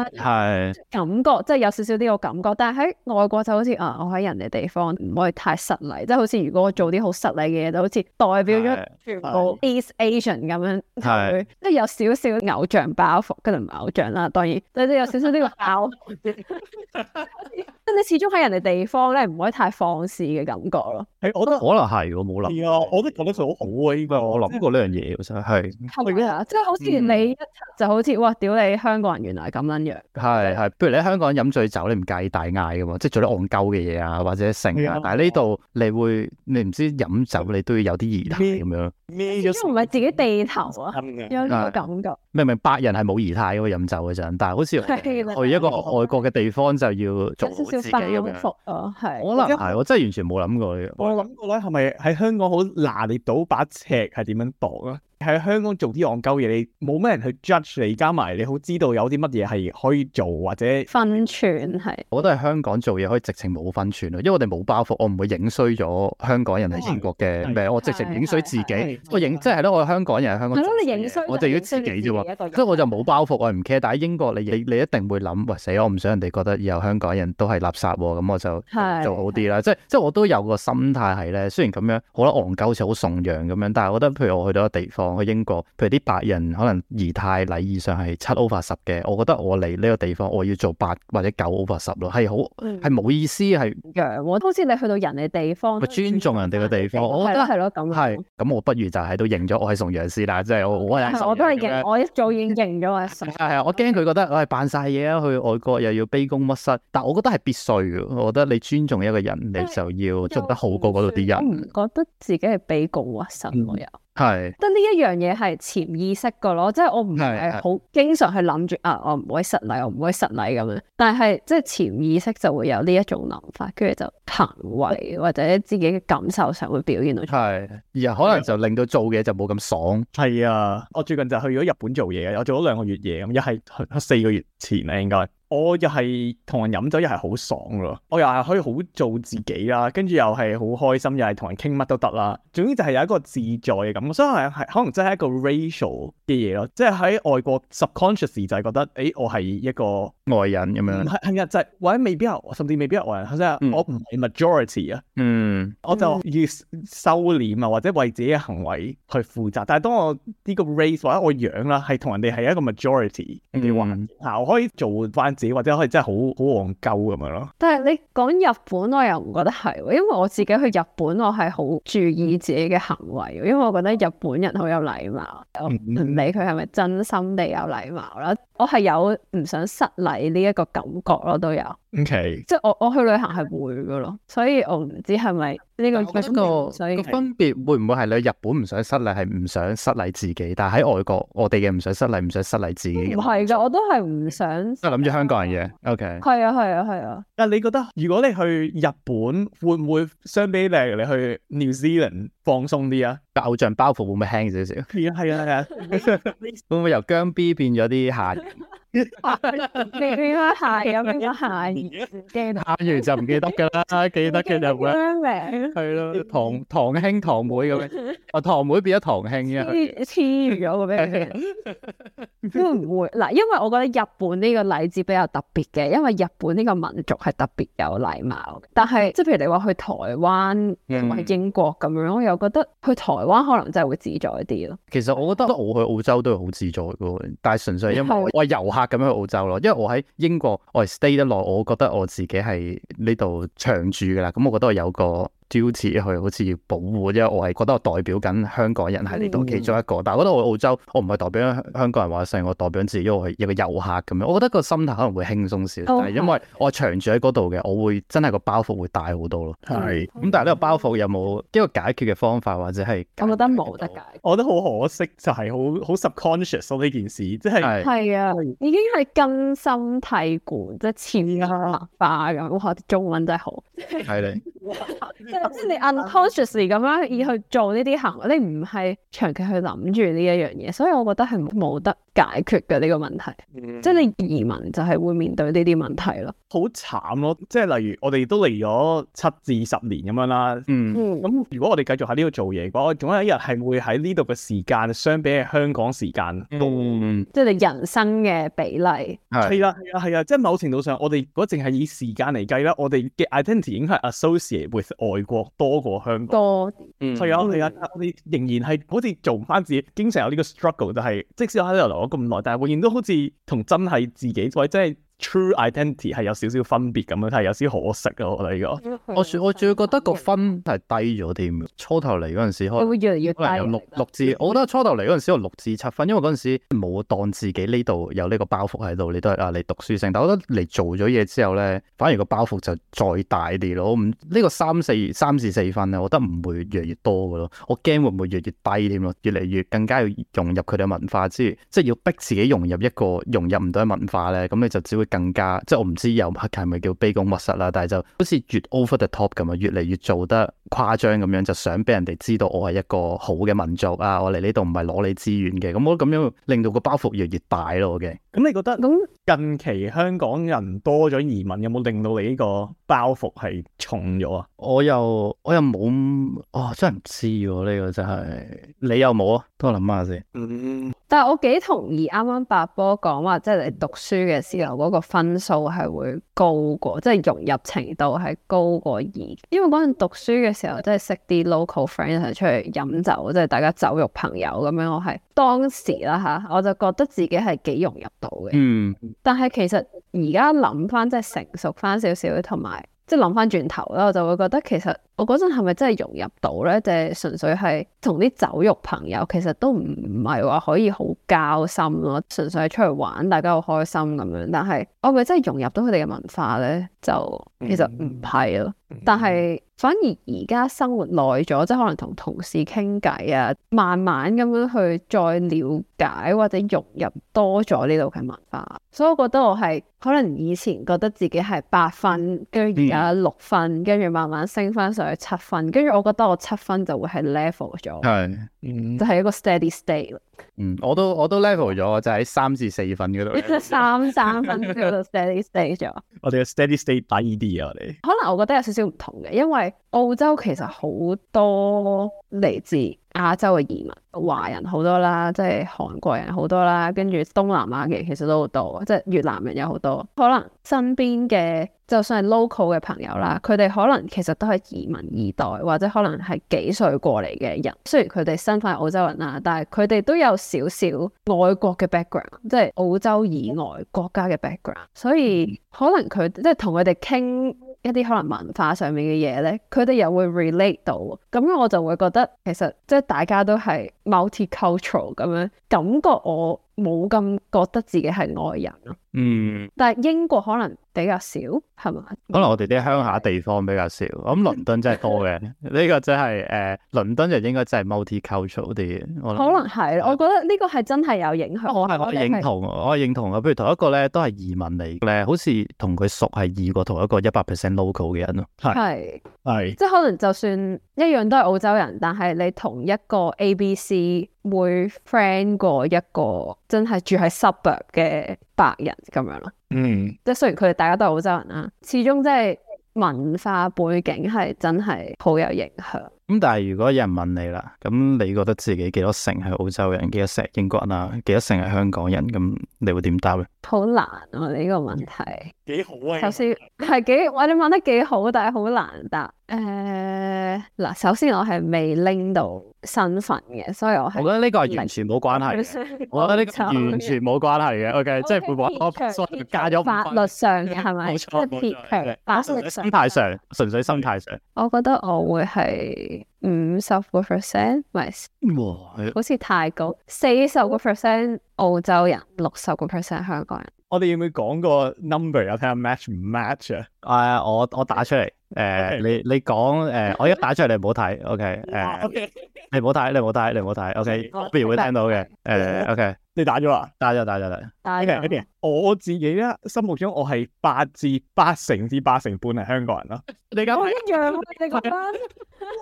感覺即係有少少呢個感覺。但係喺外國就好似啊，我喺人哋地方唔可以太失禮，即係好似如果我做啲好失禮嘅嘢，就好似代表咗全部 East Asian 咁樣，即係有少少偶像包袱，跟住唔係偶像啦，當然即係有少少呢個包袱。即你始終喺人哋地方咧，唔可以太放肆嘅感覺咯。我覺得可能係喎，冇諗。係啊，我都覺得佢好好啊，應該我諗過呢樣嘢，其實係啊，即係好似你一就好似哇，屌你香港人原來係咁樣樣。係係，不如你喺香港飲醉酒，你唔介意大嗌噶嘛？即係做啲戇鳩嘅嘢啊，或者成啊。但係呢度你會，你唔知飲酒你都要有啲儀態咁樣。因為唔係自己地頭啊，有啲感覺。明明？白人係冇儀態嘅，飲酒嘅就。但係好似去一個外國嘅地方就要做少少功夫啊。係。可能係我真係完全冇諗過嘅。我諗到咧，係咪喺香港好拿捏到把尺係點樣度啊？喺香港做啲戇鳩嘢，你冇咩人去 judge 你，加埋你，你好知道有啲乜嘢係可以做或者分寸係，我覺得係香港做嘢，可以直情冇分寸咯，因為我哋冇包袱，我唔會影衰咗香港人喺英國嘅、哎、我直情影衰自己，我影即係咧，我香港人喺香港做，係咯，你影衰，我就影自己啫喎，所以我就冇包袱，我唔 care。但喺英國，你你你一定會諗，喂、哎、死我唔想人哋覺得以後香港人都係垃圾喎，咁、嗯嗯、我就做好啲啦。即係即係我都有個心態係咧，雖然咁樣好多，戇鳩好似好崇洋咁樣，但係我覺得譬如我去到一個地方。去英國，譬如啲白人可能儀態禮儀上係七 over 十嘅，我覺得我嚟呢個地方我要做八或者九 over 十咯，係好係冇意思，係揚喎。好似你去到人哋地方，尊重人哋嘅地方，我覺得係咯，係咁，我不如就喺度認咗，我係崇洋士啦，即係我我係。我都係認，我一早已經認咗我係崇。我驚佢覺得我係扮晒嘢啊！去外國又要卑躬屈膝，但我覺得係必須嘅。我覺得你尊重一個人，你就要做得好過嗰度啲人，覺得自己係卑躬屈膝係，得呢一樣嘢係潛意識噶咯，即係我唔係好經常去諗住啊，我唔會失禮，我唔會失禮咁樣，但係即係潛意識就會有呢一種諗法，跟住就行為或者自己嘅感受上會表現到。係、 啊，而可能就令到做嘢就冇咁爽。係 啊，我最近就去咗日本做嘢嘅，我做咗兩個月嘢，咁一係去四個月前啊，應該。我又係同人飲酒，又係好爽咯！我又係可以好做自己啦，跟住又係好開心，又係同人傾乜都得啦。總之就係有一個自在嘅感覺，所以係可能真係一個 racial 嘅嘢咯，即係喺外國 subconscious 就係覺得，誒、欸、我係一個外人咁樣，係日啊，就係、或者未必啊，甚至未必啊，外人，即係、我唔係 majority 啊，嗯，我就要收斂啊，或者為自己嘅行為去負責。但係當我呢個 race 或者我樣啦，係同人哋係一個 majority，你話啊、嗯，嗯、我可以做翻自己，或者可以真係好好戇鳩咁樣咯。但係你講日本，我又唔覺得係，因為我自己去日本，我係好注意自己嘅行為，因為我覺得日本人好有禮貌，我唔理佢係咪真心地有禮貌啦，嗯、我係有唔想失禮。你呢一個感覺咯，都有。O K，即係我我去旅行係會噶咯，所以我唔知係咪呢個一個個分別會唔會係你去日本唔想失禮，係唔想失禮自己，但係喺外國我哋嘅唔想失禮，唔想失禮自己。唔係噶，我都係唔想。都係諗住香港人嘅。O K。係啊，係啊，係啊。但係，你覺得如果你去日本會唔會相比你去 New Zealand 放鬆啲啊？偶像包袱會唔會輕少少？係啊，係啊，係啊。會唔會由姜 B 變咗啲下人？變咗下人，變咗下人。下完就唔記得噶啦，記得嘅就咩？係咯， 堂堂兄堂妹咁樣，我堂妹變咗堂兄嘅，黐咗、那個咩？都唔會嗱，因為我覺得日本呢個禮節比較特別嘅，因為日本呢個民族係特別有禮貌。但係即係譬如你話去台灣同埋英國咁樣，嗯、我又覺得去台灣可能真係會自在啲咯。其實我覺得我去澳洲都係好自在嘅，但係純粹係因為我係遊客咁樣去澳洲咯。因為我喺英國我係 stay 得耐我。覺得我自己係呢度長住噶啦，咁，嗯，我覺得我有個。標誌佢好似要保護，因為我係覺得我代表緊香港人喺呢度其中一個，但係我覺得我澳洲，我唔係代表香港人話事，我代表自己，我係一個遊客咁樣。我覺得個心態可能會輕鬆少少，但係因為我長住喺嗰度嘅，我會真係個包袱會大好多咯。係，咁但係呢個包袱有冇一個解決嘅方法或者係？我覺得冇得解。我覺得好可惜，就係好好 subconscious 呢件事，即係係啊，已經係根深蒂固，即係潛移默化咁。哇，啲中文真係好係咧。即係你 unconsciously 咁樣以去做呢啲行為，你唔係長期去諗住呢一樣嘢，所以我覺得係冇得解決嘅呢個問題。即係、嗯、你移民就係會面對呢啲問題咯。好慘咯、啊！即係例如我哋都嚟咗七至十年咁樣啦。嗯，咁如果我哋繼續喺呢度做嘢嘅話，我總有一日係會喺呢度嘅時間，相比起香港時間都即係你人生嘅比例係啦，係啊是，係啊！即係某程度上，我哋如果淨係以時間嚟計咧，我哋嘅 identity 已經係 associate with 外。多過香港，係啊，你、嗯、啊，我哋仍然係好似做唔翻自己，經常有呢個 struggle，就係即使我喺度留咗咁耐，但係永遠都好似同真係自己，或者，即係。True identity 係有少少分別咁樣，係有少可惜咯。我哋依、呢個，嗯嗯嗯、我我仲要覺得個分係低咗添。初頭嚟嗰陣時可能，我會越嚟越低六，六六至。我覺得初頭嚟嗰陣時，我六至七分，因為嗰陣時冇當自己呢度有呢個包袱喺度，你都係啊嚟讀書勝。但我覺得嚟做咗嘢之後咧，反而個包袱就再大啲咯。我唔呢、呢個三四三四四分咧，我覺得唔會越嚟越多嘅咯。我驚會唔會越嚟越低添咯？越嚟越更加要融入佢哋嘅文化之，即係要逼自己融入一個融入唔到嘅文化咧，咁你就只會。.更加即係我唔知有黑卡係咪叫卑躬屈膝啦，但係就好似越 over the top 咁啊，越嚟越做得誇張咁樣，就想俾人哋知道我係一個好嘅民族啊！我嚟呢度唔係攞你資源嘅，咁我覺得咁樣令到個包袱越嚟越大咯嘅。咁你覺得咁近期香港人多咗移民，有冇令到你呢個包袱係重咗啊？我又我又冇哦，真係唔知喎、啊，呢、呢個真係你有冇啊？等我諗下先。嗯。但係我幾同意啱啱白波講話，即係你讀書嘅時候嗰個分數係會高過，即係融入程度係高過二。因為嗰陣讀書嘅時候，即係識啲 local friend 一齊出去飲酒，即係大家酒肉朋友咁樣我，我係當時啦嚇，我就覺得自己係幾融入到嘅。嗯。但係其實而家諗翻，即係成熟翻少少，同埋即係諗翻轉頭啦，我就會覺得其實。我嗰陣係咪真係融入到呢？即係純粹係同啲酒肉朋友，其實都唔唔係話可以好交心咯。純粹係出去玩，大家好開心咁樣。但係我咪真係融入到佢哋嘅文化呢，就其實唔係咯。嗯嗯、但係反而而家生活耐咗，即係可能同同事傾偈啊，慢慢咁樣去再了解或者融入多咗呢度嘅文化。所以我覺得我係可能以前覺得自己係八分，跟住而家六分，跟住慢慢升返上。嗯七分，跟住我覺得我七分就會係 level 咗，係，嗯、就係一個 steady state。嗯，我都我都 level 咗，就喺、係、三至四分嗰度。三 三分先 到 steady state 咗。 我哋嘅 steady state 打 ED 啊，我哋。可能我覺得有少少唔同嘅，因為澳洲其實好多嚟自亞洲嘅移民，華人好多啦，即係韓國人好多啦，跟住東南亞嘅其實都好多，即係越南人有好多。可能。身邊嘅就算係 local 嘅朋友啦，佢哋、嗯、可能其實都係移民二代，或者可能係幾歲過嚟嘅人。雖然佢哋身份係澳洲人啦、啊，但係佢哋都有少少外國嘅 background，即係澳洲以外國家嘅 background。所以可能佢即係同佢哋傾一啲可能文化上面嘅嘢咧，佢哋又會 relate 到。咁我就會覺得其實即係大家都係 multicultural 咁樣，感覺我冇咁覺得自己係外人咯。嗯，但係英國可能比較少係嘛？可能我哋啲鄉下地方比較少，的我諗倫敦真係多嘅。呢 個真係誒，倫敦就應該真係 multicultural 啲可能係，的我覺得呢個係真係有影響。的我係我認同，我係認同嘅。譬如同一個咧，都係移民嚟嘅，好似同佢熟係易過同一個一百 percent local 嘅人咯。係係，即係可能就算一樣都係澳洲人，但係你同一個 A、B 的、C 會 friend 過一個真係住喺 suburb 嘅。的的白人咁樣咯，嗯，即係雖然佢哋大家都係澳洲人啦，始終即係文化背景係真係好有影響。咁、嗯、但係如果有人問你啦，咁你覺得自己幾多成係澳洲人，幾多成英國人啊，幾多成係香港人？咁你會點答咧？好難啊呢、呢個問題。幾、嗯、好啊！頭先係幾，我哋問得幾好，但係好難答。誒，嗱，首先我係未拎到身份嘅，所以我係，我覺得呢個係完全冇關係， 我覺得呢個完全冇關係嘅，OK，okay 即係唔好加咗法律上嘅，係咪？冇錯， 法律上嘅，心態上，純、啊、粹心態上。我覺得我會係五十個 percent，唔係，哇、好似太高，四十個 percent 澳洲人，六十個 percent 香港人。我哋要唔要講個 number 啊？睇下 match 唔 match 啊？誒，我我打出嚟，誒，你你講，誒，我一打出嚟你唔好睇，OK，誒，你唔好睇，你唔好睇，你唔好睇，OK，不如會聽到嘅，誒，OK，你打咗啦，打咗，打咗，打。邊邊我自己咧，心目中我係八至八成至八成半係香港人咯。你咁係一樣啊？你講乜？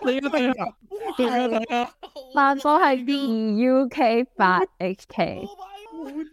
你咁樣啊？係啊，八方係 B U K 八 H K。好癲，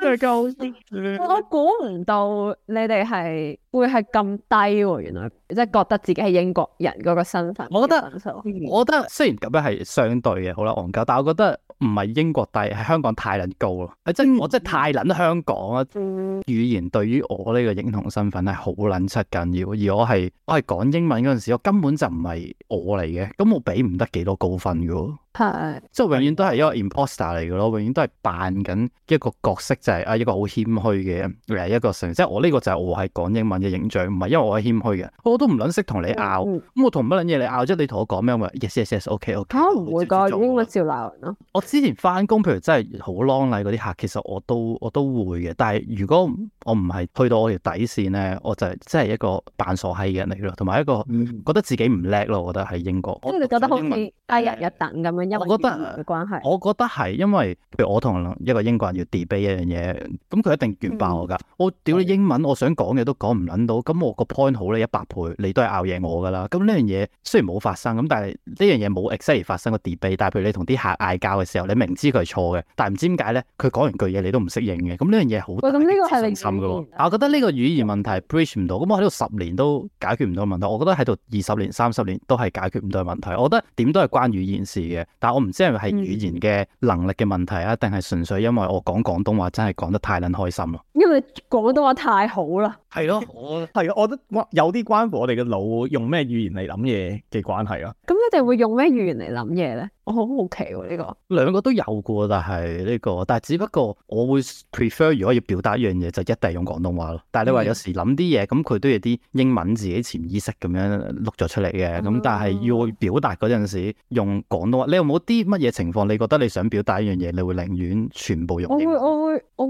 真係夠癲！我估唔到你哋係會係咁低喎，原來即係覺得自己係英國人嗰個身份。我覺得，嗯、我覺得雖然咁樣係相對嘅，好啦，戇鳩，但係我覺得。唔係英國低，係香港太撚高咯。係真、嗯，即我真係太撚香港啦。嗯、語言對於我呢個認同身份係好撚七緊要。而我係我係講英文嗰陣時，我根本就唔係我嚟嘅。咁我俾唔得幾多高分嘅喎。是即係永遠都係一個 imposter 嚟嘅咯。永遠都係扮緊一個角色，就係、是、啊一個好謙虛嘅誒一個成。即係我呢個就係我係講英文嘅形象，唔係因為我係謙虛嘅。我都唔撚識同你拗，咁、嗯嗯、我同乜撚嘢你拗即啫？你同我講咩咪 yes yes yes ok ok 我唔會㗎，已經開始鬧人咯。之前翻工，譬如真係好 long 嗰啲客，其實我都我都會嘅。但係如果我唔係去到我條底線咧，我就係真係一個扮傻閪嘅人嚟咯。同埋一個覺得自己唔叻咯，我覺得喺英國。咁、嗯、我你覺得好似低人一等咁樣，因為咩關係？我覺得係因為譬如我同一個英國人要 debate 一樣嘢，咁佢一定完爆我㗎。嗯、我屌你英文，我想講嘢都講唔撚到。咁、嗯、我個 point 好咧，一百倍你都係拗贏我㗎啦。咁呢樣嘢雖然冇發生，咁但係呢樣嘢冇 exactly 發生過個 debate，但係譬如你同啲客嗌交嘅時候，你明知佢係錯嘅，但係唔知點解咧，佢講完句嘢，你都唔適應嘅。咁呢樣嘢好大嘅傷心噶。嗯、我覺得呢個語言問題 bridge 唔到，咁我喺度十年都解決唔到問題。我覺得喺度二十年、三十年都係解決唔到問題。我覺得點都係關語言事嘅。但我唔知係咪係語言嘅能力嘅問題啊，定係純粹因為我講廣東話真係講得太捻開心咯。因為廣東話太好啦。嗯係咯，我係咯，我覺得哇，有啲關乎我哋嘅腦用咩語言嚟諗嘢嘅關係咯、啊。咁你哋會用咩語言嚟諗嘢咧？我好好奇呢、啊這個。兩個都有噶，但係呢、這個，但係只不過我會 prefer 如果要表達一樣嘢，就一定係用廣東話咯。但係你話有時諗啲嘢，咁佢都有啲英文字自己潛意識咁樣錄咗出嚟嘅。咁、嗯、但係要表達嗰陣時用廣東話。你有冇啲乜嘢情況？你覺得你想表達一樣嘢，你會寧願全部用英文？我我。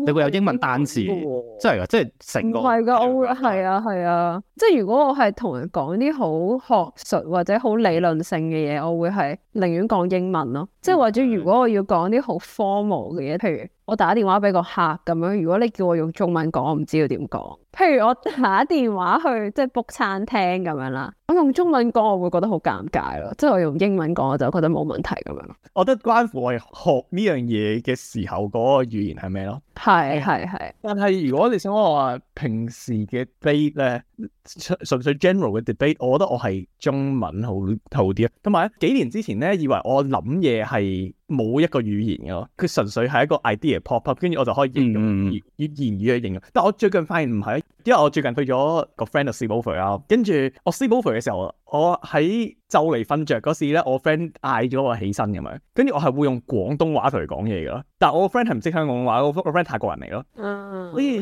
你會有英文單詞，哦、真係噶，即係成個唔係噶，我會係啊係啊，即係如果我係同人講啲好學術或者好理論性嘅嘢，我會係寧願講英文咯，的即係或者如果我要講啲好 formal 嘅嘢，譬如。我打電話俾個客咁樣，如果你叫我用中文講，我唔知道點講。譬如我打電話去即係 book 餐廳咁樣啦，我用中文講我會覺得好尷尬咯，即係我用英文講我就覺得冇問題咁樣。我覺得關乎我哋學呢樣嘢嘅時候嗰個語言係咩咯？係係係，但係如果你想我話平時嘅 debate 咧，純粹 general 嘅 debate，我覺得我係中文好好啲啊。同埋咧，幾年之前咧，以為我諗嘢係冇一個語言嘅，佢純粹係一個 idea pop up，跟住我就可以用用、嗯、以以言語去形容。但係我最近發現唔係，因為我最近去咗、個 friend 嘅 sleep over 啊，跟住我 sleep over 嘅時候。我喺就嚟瞓着嗰時咧，我 friend 嗌咗我起身咁樣，跟住我係會用廣東話同佢講嘢噶咯。但係我個 friend 係唔識香港話，我個 friend 泰國人嚟咯，啊、所以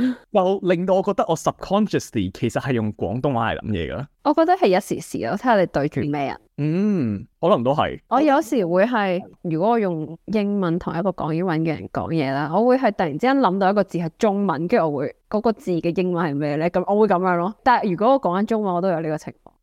令到我覺得我 subconsciously 其實係用廣東話嚟諗嘢噶咯。我覺得係一時時咯，睇下你對住咩人。嗯，可能都係。我有時會係如果我用英文同一個講英文嘅人講嘢啦，我會係突然之間諗到一個字係中文，跟住我會嗰、嗰個字嘅英文係咩咧？咁我會咁樣咯。但係如果我講緊中文，我都有呢個情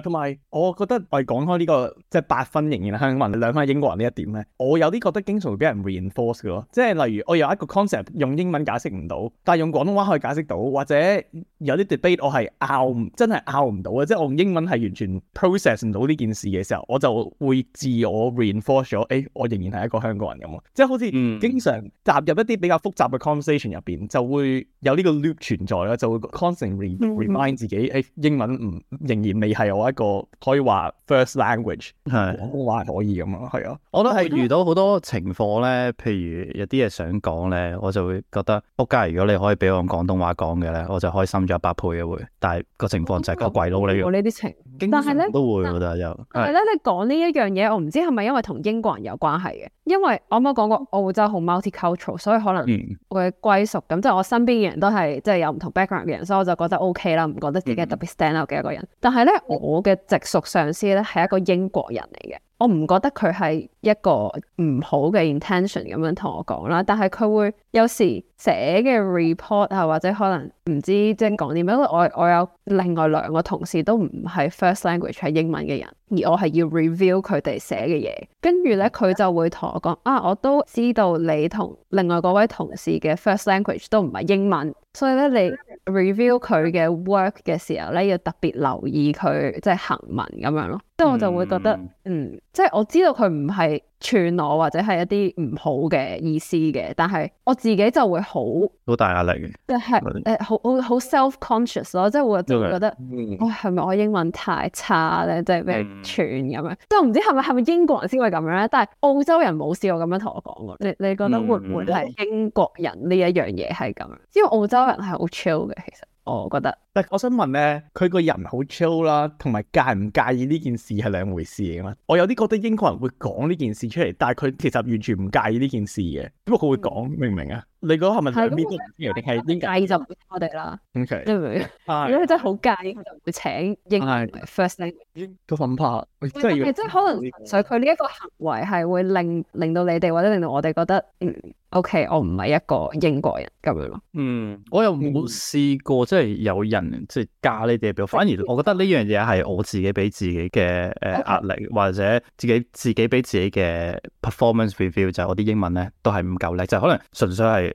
同埋我覺得我係講開呢個即係八分仍然係香港人，兩分係英國人呢一點咧，我有啲覺得經常會俾人 reinforce 嘅咯。即係例如我有一個 concept 用英文解釋唔到，但係用廣東話可以解釋到，或者有啲 debate 我係拗真係拗唔到嘅，即係我用英文係完全 process 唔到呢件事嘅時候，我就會自我 reinforce 咗，誒，我仍然係一個香港人咁啊。即係好似經常踏入一啲比較複雜嘅 conversation 入邊，就會有呢個 loop 存在啦，就會 constantly remind 自己，誒，英文唔仍然未係我。我一個可以話 first language，係廣東話係可以咁咯，係啊，我都係遇到好多情況咧，譬如有啲嘢想講咧，我就會覺得，仆街如果你可以俾我用廣東話講嘅咧，我就開心咗百倍嘅會。但係個情況就係個鬼佬嚟嘅，呢啲、嗯、情，但係咧都會覺得有。」係咧，你講呢一樣嘢，我唔知係咪因為同英國人有關係嘅，因為我啱啱講過澳洲好 multicultural 所以可能我嘅歸屬感，即係、嗯、我身邊嘅人都係即係有唔同 background 嘅人，所以我就覺得 OK 啦，唔覺得自己係特別 stand out 嘅一個人。但係咧我嘅直屬上司咧係一個英國人嚟嘅。我唔覺得佢係一個唔好嘅 intention 咁樣同我講啦，但係佢會有時寫嘅 report 啊，或者可能唔知即係講啲咩，因為我我有另外兩個同事都唔係 first language 係英文嘅人，而我係要 review 佢哋寫嘅嘢，跟住咧佢就會同我講啊，我都知道你同另外嗰位同事嘅 first language 都唔係英文，所以咧你 review 佢嘅 work 嘅時候咧要特別留意佢即係行文咁樣咯，即係我就會覺得嗯。嗯。即係我知道佢唔係串我或者係一啲唔好嘅意思嘅，但係我自己就會好好大壓力嘅、就係呃。即係誒，好好 self conscious 咯，即係會覺得，哇 Okay.、哎，係咪我英文太差咧？即係咩串咁樣？Mm. 即係唔知係咪係咪英國人先會咁樣咧？但係澳洲人冇試過咁樣同我講過。你你覺得會唔會係英國人呢一樣嘢係咁樣？Mm. 因為澳洲人係好 chill 嘅，其實。我、哦、覺得，但我想問咧，佢個人好 chill 啦，同埋介唔介意呢件事係兩回事嘅嘛？我有啲覺得英國人會講呢件事出嚟，但係佢其實完全唔介意呢件事嘅，不過佢會講，嗯、明唔明啊？你覺得係咪兩邊都唔知，定係英介就唔請我哋啦？O K，因為佢真係好介意，佢就唔會請英 first name 個粉拍，即係即係可能純粹佢呢一個行為係會令令到你哋，或者令到我哋覺得 O K，我唔係一個英國人咁樣。嗯，我又冇試過即係有人即係加呢啲哋表，反而我覺得呢樣嘢係我自己俾自己嘅誒壓力，或者自己自己俾自己嘅 performance review 就係我啲英文咧都係唔夠叻，就可能純粹係。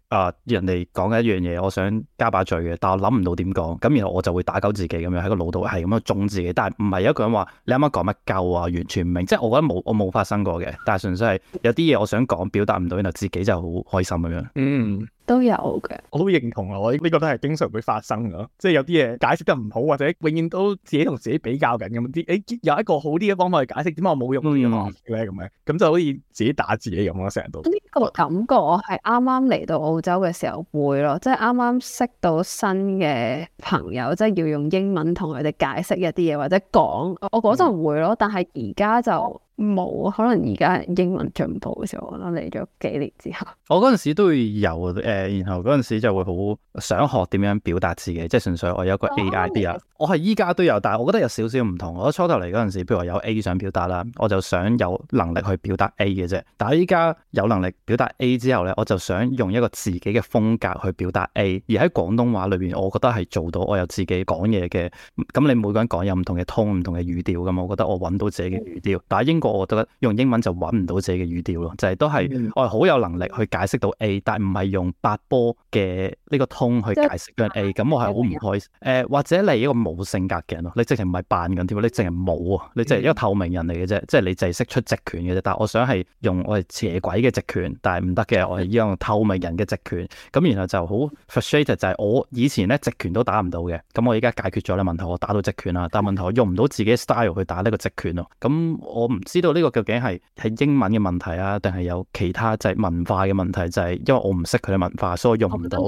啊、呃！人哋講嘅一樣嘢，我想加把嘴嘅，但係我諗唔到點講，咁然後我就會打鳩自己咁樣喺個腦度係咁樣中自己，但係唔係有一個人話你啱啱講乜鳩啊？完全唔明，即係我覺得冇我冇發生過嘅，但係純粹係有啲嘢我想講表達唔到，然後自己就好開心咁樣。嗯，都有嘅，我都認同啊！我呢個都係經常會發生嘅，即係有啲嘢解釋得唔好，或者永遠都自己同自己比較緊咁啲。誒、哎，有一個好啲嘅方法去解釋點解我冇用個呢個學識咁樣咁就好似自己打自己咁咯，成日都。呢、嗯、個感覺我係啱啱嚟到周嘅時候會咯，即係啱啱識到新嘅朋友，即係要用英文同佢哋解釋一啲嘢或者講，我嗰陣會咯，但係而家就。冇，可能而家英文進步咗。我覺得嚟咗幾年之後，我陣時都會有誒、呃，然後陣時就會好想學點樣表達自己，即係純粹我有一個 idea 啊。Idea，我係依家都有，但係我覺得有少少唔同。我初頭嚟陣時，譬如話有 A 想表達啦，我就想有能力去表達 A 嘅啫。但係依家有能力表達 A 之後咧，我就想用一個自己嘅風格去表達 A。而喺廣東話裏邊，我覺得係做到我有自己講嘢嘅。咁你每個人講有唔同嘅 tone、唔同嘅語調嘅嘛，我覺得我揾到自己嘅語調。但係英國。我覺得用英文就揾唔到自己嘅語調咯，就係、是、都係我係好有能力去解釋到 A，但係唔係用八波嘅呢個 tone 去解釋嘅 A，咁是我係好唔開心。誒，或者你一個冇性格嘅人咯，你直情唔係扮緊添，你淨係冇啊？你淨係一個透明人嚟嘅啫，嗯、即係你就係識出直拳嘅啫。但係我想係用我係邪鬼嘅直拳，但係唔得嘅，我係要用透明人嘅直拳。咁然後就好 frustrated 就係、是、我以前咧直拳都打唔到嘅，咁我而家解決咗咧問題，我打到直拳啦，但係問題我用唔到自己 style 去打呢個直拳咯。咁我唔知。知道呢個究竟係係英文嘅問題啊，定係有其他就文化嘅問題、就係？就係因為我唔識佢嘅文化，所以我用唔到。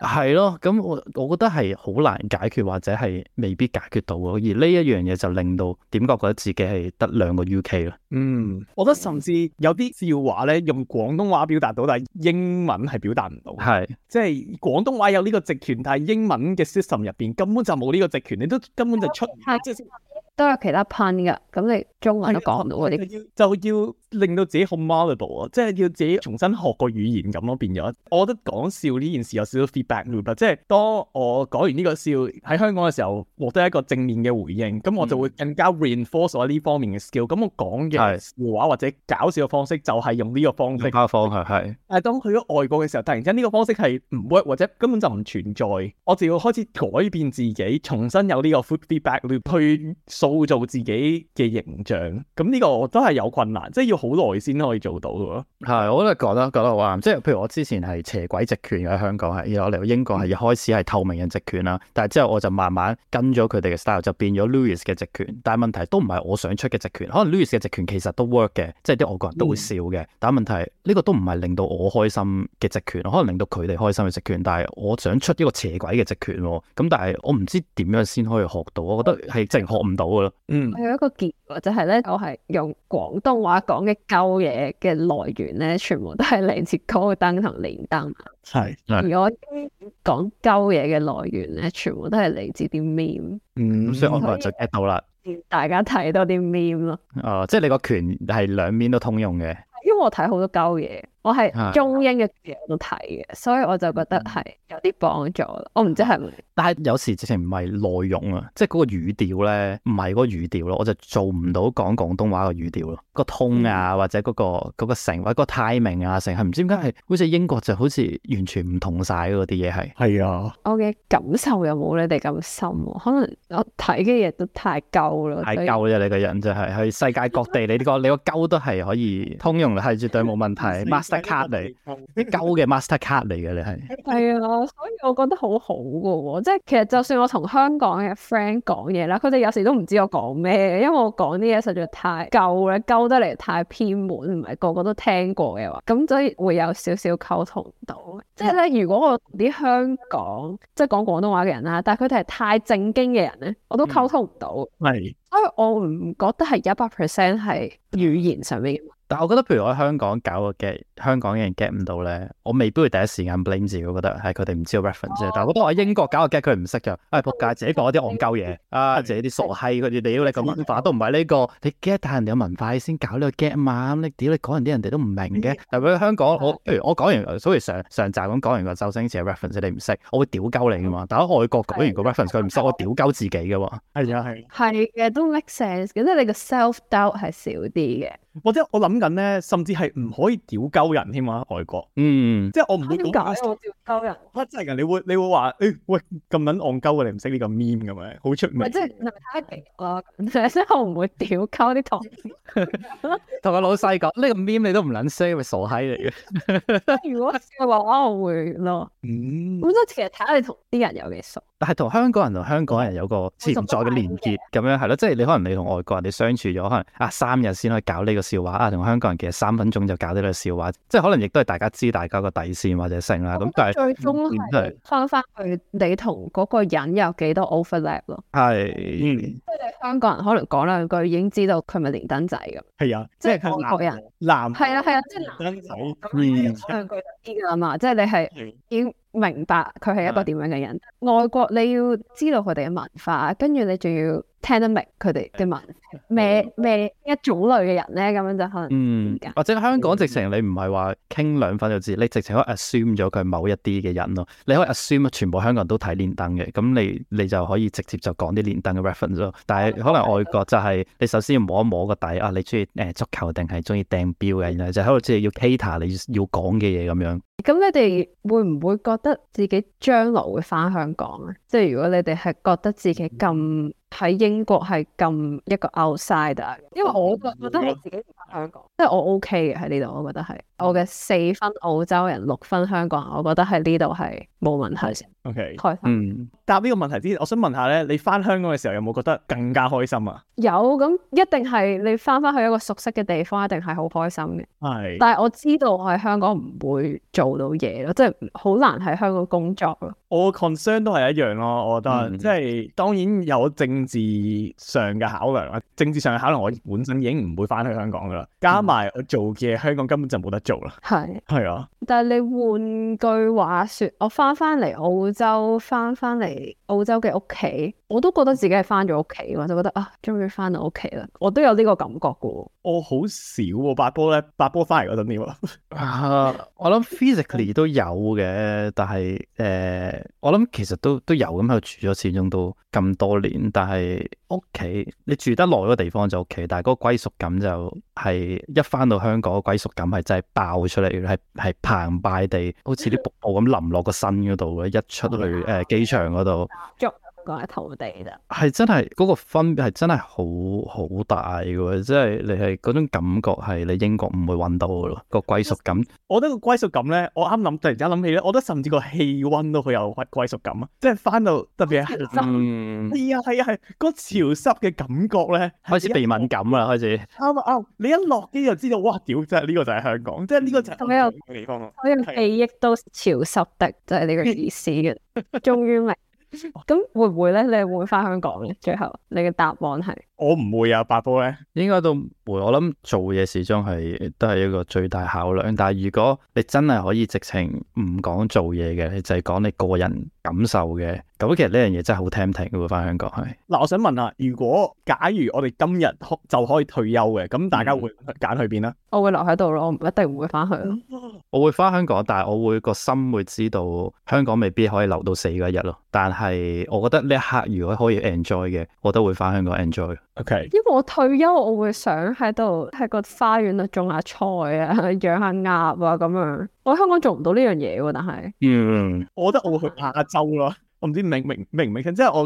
係咯，咁我我覺得係好、哦、難解決，或者係未必解決到。而呢一樣嘢就令到點解覺，覺得自己係得兩個 UK 咯。嗯，我覺得甚至有啲笑話咧，用廣東話表達到，但係英文係表達唔到。係，即係廣東話有呢個直權，但係英文嘅 system 入邊根本就冇呢個直權，你都根本就出。Okay, 就係都有其他 pun 嘅，咁你中文都講唔到喎。你要就要令到自己 malleable、er、啊的，即係要自己重新學個語言咁咯，變咗。我覺得講笑呢件事有少少 feedback loop 即係當我講完呢個笑喺香港嘅時候，獲得一個正面嘅回應，咁我就會更加 reinforce 我呢方面嘅 skill。咁我講嘅胡話或者搞笑嘅方式，就係用呢個方式。方向係。但係當去咗外國嘅時候，突然之間呢個方式係唔 work 或者根本就唔存在，我就要開始改變自己，重新有呢個 feedback loop 去塑造自己嘅形象，咁呢個我都係有困難，即係要好耐先可以做到嘅。係我都係覺得覺得話，即係譬如我之前係邪鬼直權喺香港，係而我嚟到英國係一開始係透明人直權啦。但係之後我就慢慢跟咗佢哋嘅 style，就變咗 Louis 嘅直權。但係問題都唔係我想出嘅直權，可能 Louis 嘅直權其實都 work 嘅，即係啲外國人都會笑嘅。嗯、但係問題呢、這個都唔係令到我開心嘅直權，可能令到佢哋開心嘅直權。但係我想出一個邪鬼嘅直權，咁但係我唔知點樣先可以學到。我覺得係直情學唔到。嗯，我有一個結論就係、是、咧，我係用廣東話講嘅鳩嘢嘅來源咧，全部都係嚟自高登同連登。係係。如果講鳩嘢嘅來源咧，全部都係嚟自啲 meme。嗯，所以安排做 at 到啦。大家睇多啲 meme 咯。哦、呃，即係你個權係兩面都通用嘅。因為我睇好多鳩嘢。我係中英嘅嘢都睇嘅，的所以我就覺得係有啲幫助。我唔知係咪，但係有時直情唔係內容啊，即係嗰個語調咧，唔係嗰個語調咯，我就做唔到講廣東話嘅語調咯。個通啊，或者嗰、嗰個嗰個成或者個 timing 啊，成係唔知點解係好似英國就好似完全唔同晒嗰啲嘢係。係啊，我嘅的、okay，感受又冇你哋咁深，可能我睇嘅嘢都太舊咯。太舊啫以，你個人就係、是、去世界各地，你、呢個你個溝都係可以通用，係 絕對冇問題。 卡嚟啲舊嘅 Mastercard 嚟嘅你係係 啊，所以我覺得好好嘅喎，即係其實就算我同香港嘅 friend 講嘢啦，佢哋有時都唔知我講咩，因為我講啲嘢實在太舊咧，舊得嚟太偏門，唔係個個都聽過嘅話，咁所以會有少少溝通到。即係咧，如果我啲香港即係、就是、講廣東話嘅人啦，但係佢哋係太正經嘅人咧，我都溝通唔到。係、嗯，所以我唔覺得係一百 percent 係語言上面。但我覺得，譬如我喺香港搞個 get，香港嘅人 get 唔到咧，我未必會第一時間 blame 自己，我覺得係佢哋唔知道 reference 但係我覺得我喺英國搞個 get，佢唔識嘅，係仆街自己講啲戇鳩嘢啊，或者啲傻閪佢哋屌你個文化都唔係呢個。你 get 但人哋有文化先搞呢個 get 嘛？你屌你講人啲人哋都唔明嘅。特別香港，我譬如我講完，好似上上集咁講完個周星馳嘅 reference 你唔識，我會屌鳩你嘅嘛。但喺外國講完個 reference 佢唔識，我屌鳩自己嘅喎。係係。都 make sense 嘅，即係你個 self doubt 係少啲嘅。或者我諗緊咧，甚至係唔可以屌鳩人添啊，外國。嗯，即係我唔會屌鳩人。哈真係噶，你會、欸、你會話誒喂，咁撚戇鳩啊，你唔識呢個 meme 嘅咩？好出名。即係睇下邊個，即係我唔會屌鳩啲同同個老細講呢個 meme 你都唔撚識咪傻閪嚟嘅。 如果嘅話，我會咯。咁即其實睇下你同啲人有幾熟。但係同香港人同香港人有個潛在嘅連結咁樣係咯，即係你可能你同外國人你相處咗可能啊三日先可以搞呢、這個笑話啊，同香港人其實三分鐘就搞啲咧笑話，即係可能亦都係大家知大家個底線或者性啦。咁但係最終係返返去你同嗰個人有幾多 overlap 咯。係，嗯，即係香港人可能講兩句已經知道佢咪連登仔咁。係啊，即係香港人男係啊係啊，即係男女。兩句知㗎嘛？即係你已經明白佢係一個點樣嘅人。外國你要知道佢哋嘅文化，跟住你仲要。聽得明佢哋嘅文咩咩一種類嘅人咧，咁樣就可能嗯，或者香港直情你唔係話傾兩份就知，你直情可以 assume 咗佢某一啲嘅人咯。你可以 assume 全部香港人都睇連登嘅，咁你你就可以直接就講啲連登嘅 reference 咯。但係可能外國就係你首先要摸一摸個底啊，你中意誒足球定係中意掟標嘅？然後就喺度即係要 cater 你要講嘅嘢咁樣。咁你哋會唔會覺得自己將來會返香港啊？即係如果你哋係覺得自己咁。喺英國係咁一個 outsider，因為我覺得我、啊、我覺得我自己唔喺香港，即係我 OK 嘅喺呢度，我覺得係我嘅四分澳洲人，六分香港人。我覺得喺呢度係冇問題，嗯。OK，開心、嗯。答呢個問題之前，我想問下咧，你翻香港嘅時候有冇覺得更加開心啊？有，咁一定係你翻翻去一個熟悉嘅地方，一定係好開心嘅。係是。但係我知道我喺香港唔會做到嘢咯，即係好難喺香港工作咯。我 concern 都係一樣咯，我覺得、嗯、即係當然有政治上嘅考量啦。政治上嘅考量，我本身已經唔會翻去香港噶啦，加埋我做嘅嘢，香港根本就冇得做啦。係、嗯。係啊。但係你換句話說，我翻翻嚟我會。就翻翻嚟澳洲嘅屋企，我都覺得自己係翻咗屋企，我就覺得啊，終於翻到屋企啦！我都有呢個感覺嘅。我好、哦、少，我八波咧，八波翻嚟嗰陣點啊？我諗 physically 都有嘅，但係誒、呃，我諗其實都有都有咁喺度住咗，始終都咁多年。但係屋企，okay，你住得耐嘅地方就屋企，但係嗰個歸屬感就係、是、一翻到香港，歸屬感係真係爆出嚟，係係澎湃地，好似啲瀑布咁淋落個身嗰度嘅。一出去誒機場嗰度。講一土地啦？係真係嗰、那個分別係真係好好大嘅，即係你係嗰種感覺係你英國唔會搵到嘅咯，那個歸屬感、嗯。我覺得個歸屬感咧，我啱諗突然間諗起咧，我覺得甚至個氣温都好有歸屬感啊！即係翻到特別係，係啊係啊係，個、嗯、潮濕嘅感覺咧開始鼻敏感啦，開始啱啊始！你一落機就知道哇，屌真係呢、這個就係香港，即係呢、這個就係個地方、嗯、我所有記憶都潮濕的，就係、是、呢個意思嘅，終於 咁會唔會呢？你會唔會返香港呢？最後你嘅答案係？我唔會啊，八波咧，應該都會。我諗做嘢始終係都係一個最大考量。但係如果你真係可以直情唔講做嘢嘅，你就係、是、講你個人感受嘅，咁其實呢樣嘢真係好 tempting 翻香港係。嗱，我想問下，如果假如我哋今日就可以退休嘅，咁大家會揀去邊咧、嗯？我會留喺度咯，我唔一定唔會翻去。我會翻香港，但係我會個心會知道香港未必可以留到死嗰一日咯。但係我覺得呢一刻如果可以 enjoy 嘅，我都會翻香港 enjoy。Okay. 因為我退休，我會想喺度喺個花園度種下菜呵呵啊，養下鴨啊咁樣。我香港做唔到呢樣嘢喎，但係，嗯，我覺得我會去亞洲咯。我唔知明明明唔明，即係我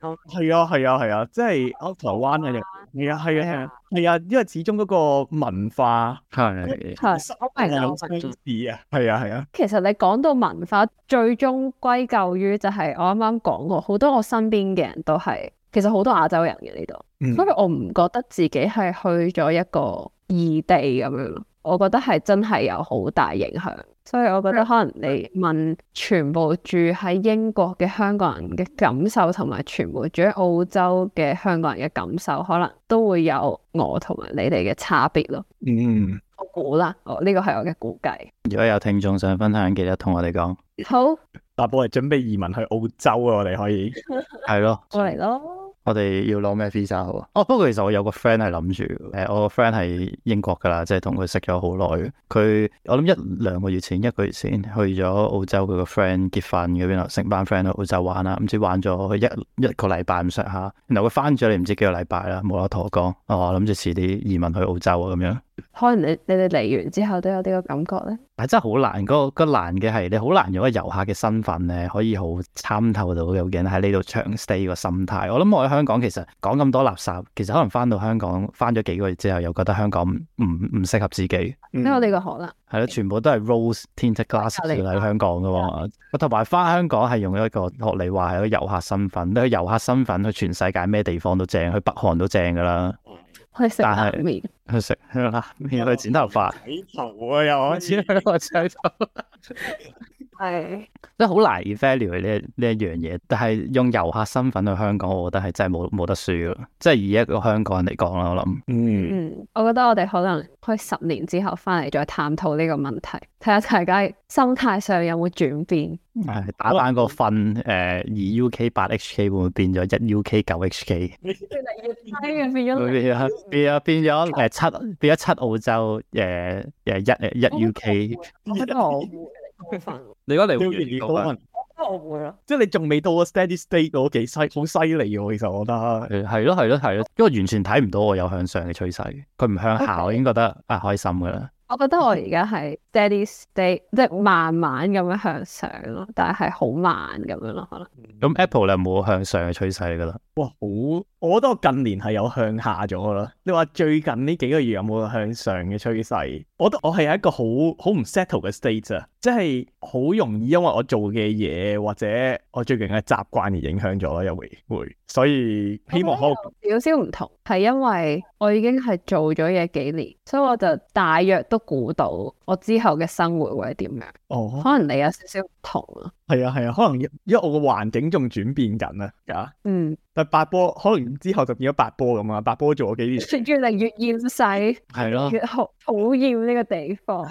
我係啊係啊係啊，即係我台灣嘅人，係啊係啊係啊，係啊，啊，啊，啊，啊，因為始終嗰個文化係係啊，係啊係啊。啊其實你講到文化，最終歸咎於就係、是、我啱啱講過，好多我身邊嘅人都係。其實好多亞洲人嘅呢度，嗯、所以我唔覺得自己係去咗一個異地咁樣。我覺得係真係有好大影響，所以我覺得可能你問全部住喺英國嘅香港人嘅感受，同埋全部住喺澳洲嘅香港人嘅感受，可能都會有我同埋你哋嘅差別咯。嗯，我，哦呢個、我估啦，我呢個係我嘅估計。如果有聽眾想分享，記得同我哋講。好，但我係準備移民去澳洲啊！我哋可以係 咯，嚟 咯。我哋要攞咩 visa 好啊？哦，不過其實我有個 friend 係諗住，誒、呃，我個 friend 係英國㗎啦，即係同佢識咗好耐。佢我諗一兩個月前，一個月前去咗澳洲，佢個 friend 結婚，嗰邊成班 friend 去澳洲玩啦，唔知玩咗一一個禮拜咁上下。然後佢翻咗嚟，唔知幾個禮拜啦，冇啦啦同我講。我諗住遲啲移民去澳洲啊，咁樣。可能你你哋嚟完之後都有呢個感覺咧？係真係好難，嗰、嗰個、嗰個難嘅係你好難用一個遊客嘅身份咧，可以好參透到有人喺呢度長 stay 個心態。我諗我喺香港其實講咁多垃圾，其實可能翻到香港翻咗幾個月之後，又覺得香港唔唔適合自己。喺我哋個可能係咯，全部都係 rose tinted glasses 喺、嗯、香港噶嘛。我同埋翻香港係用一個學你話係一個遊客身份，你去遊客身份去全世界咩地方都正，去北韓都正噶啦。去食去食係啦，然後去剪頭髮，洗頭啊又，剪佢個睇頭，係都好難 value 呢呢一樣嘢，但係用遊客身份去香港，我覺得係真係冇冇得輸咯，即係以一個香港人嚟講啦，我諗，嗯，我覺得我哋可能去十年之後翻嚟再探討呢個問題，睇下大家心態上有冇轉變。係打翻個分，誒、哎，二 U K 八 H K 會唔會變咗一 U K 九 H K？越嚟越低啊，變咗。變啊變咗誒七，變咗七澳洲，誒誒一誒一 U K 我。我,我,我覺得我會。你覺得你會唔會？我會啊！即係你仲未到個 steady state，我幾犀好犀利啊！其實我覺得，係咯係咯係咯，因為完全睇唔到我有向上嘅趨勢，佢唔向下我已經覺得 Okay. 啊,啊開心噶啦。我覺得我而家係 steady state，即慢慢咁樣向上咯，但係係好慢咁樣咯，可能。咁 Apple 咧冇向上嘅趨勢的，你覺哇，好！我覺得我近年係有向下咗咯。你話最近呢幾個月有冇向上嘅趨勢？我覺得我係一個好好唔 settle 嘅 state 啊，即係好容易因為我做嘅嘢或者我最近嘅習慣而影響咗咯。有會會，所以希望可能有少少唔同，係因為我已經係做咗嘢幾年，所以我就大約都估到我之後嘅生活會係點樣。哦，可能你有少少。同啊，係啊係啊，可能因為我個環境仲轉變緊啊，嗯，但八波可能之後就變咗八波咁啊，八波做咗幾年，越嚟越厭世，係咯，越好討厭呢個地方，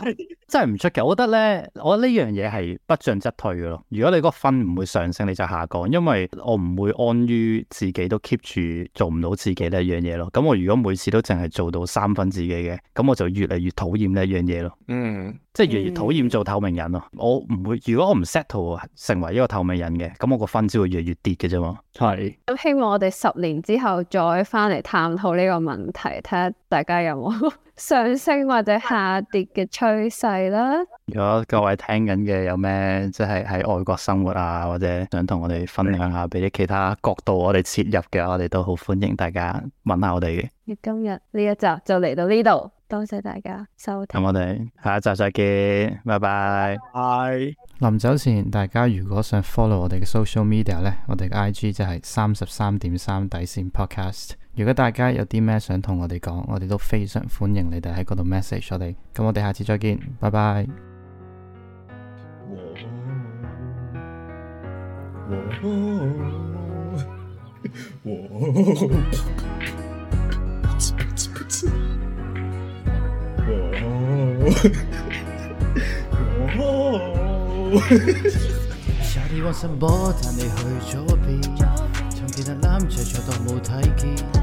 真係唔出奇。我覺得呢，我呢樣嘢係不進則退咯。如果你個分唔會上升，你就下降，因為我唔會安於自己都 keep 住做唔到自己呢一樣嘢咯。咁我如果每次都淨係做到三分自己嘅，咁我就越嚟越討厭呢一樣嘢咯。嗯，即係越嚟越討厭做透明人咯。我唔會，如果我唔 settle 成為一個透明人嘅，咁我個分就會越嚟越跌嘅啫嘛。係咁是， 希望我哋十年之後再翻嚟探討呢個問題，睇下大家有冇。 上升或者下跌嘅趨勢啦。如果各位聽緊嘅有咩，即係喺外國生活啊，或者想同我哋分享下，俾啲其他角度我哋切入嘅，我哋都好歡迎大家問下我哋嘅。今日呢一集就嚟到呢度，多謝大家收聽。咁我哋下一集再見，拜拜。好 Bye，臨走前，大家如果想 follow 我哋嘅 social media 呢，我哋嘅 IG 就係三十三點三底線 Podcast。如果大家有啲咩想同我哋講，我哋都非常歡迎你哋喺嗰度 message 我哋。咁我哋下次再見，拜拜。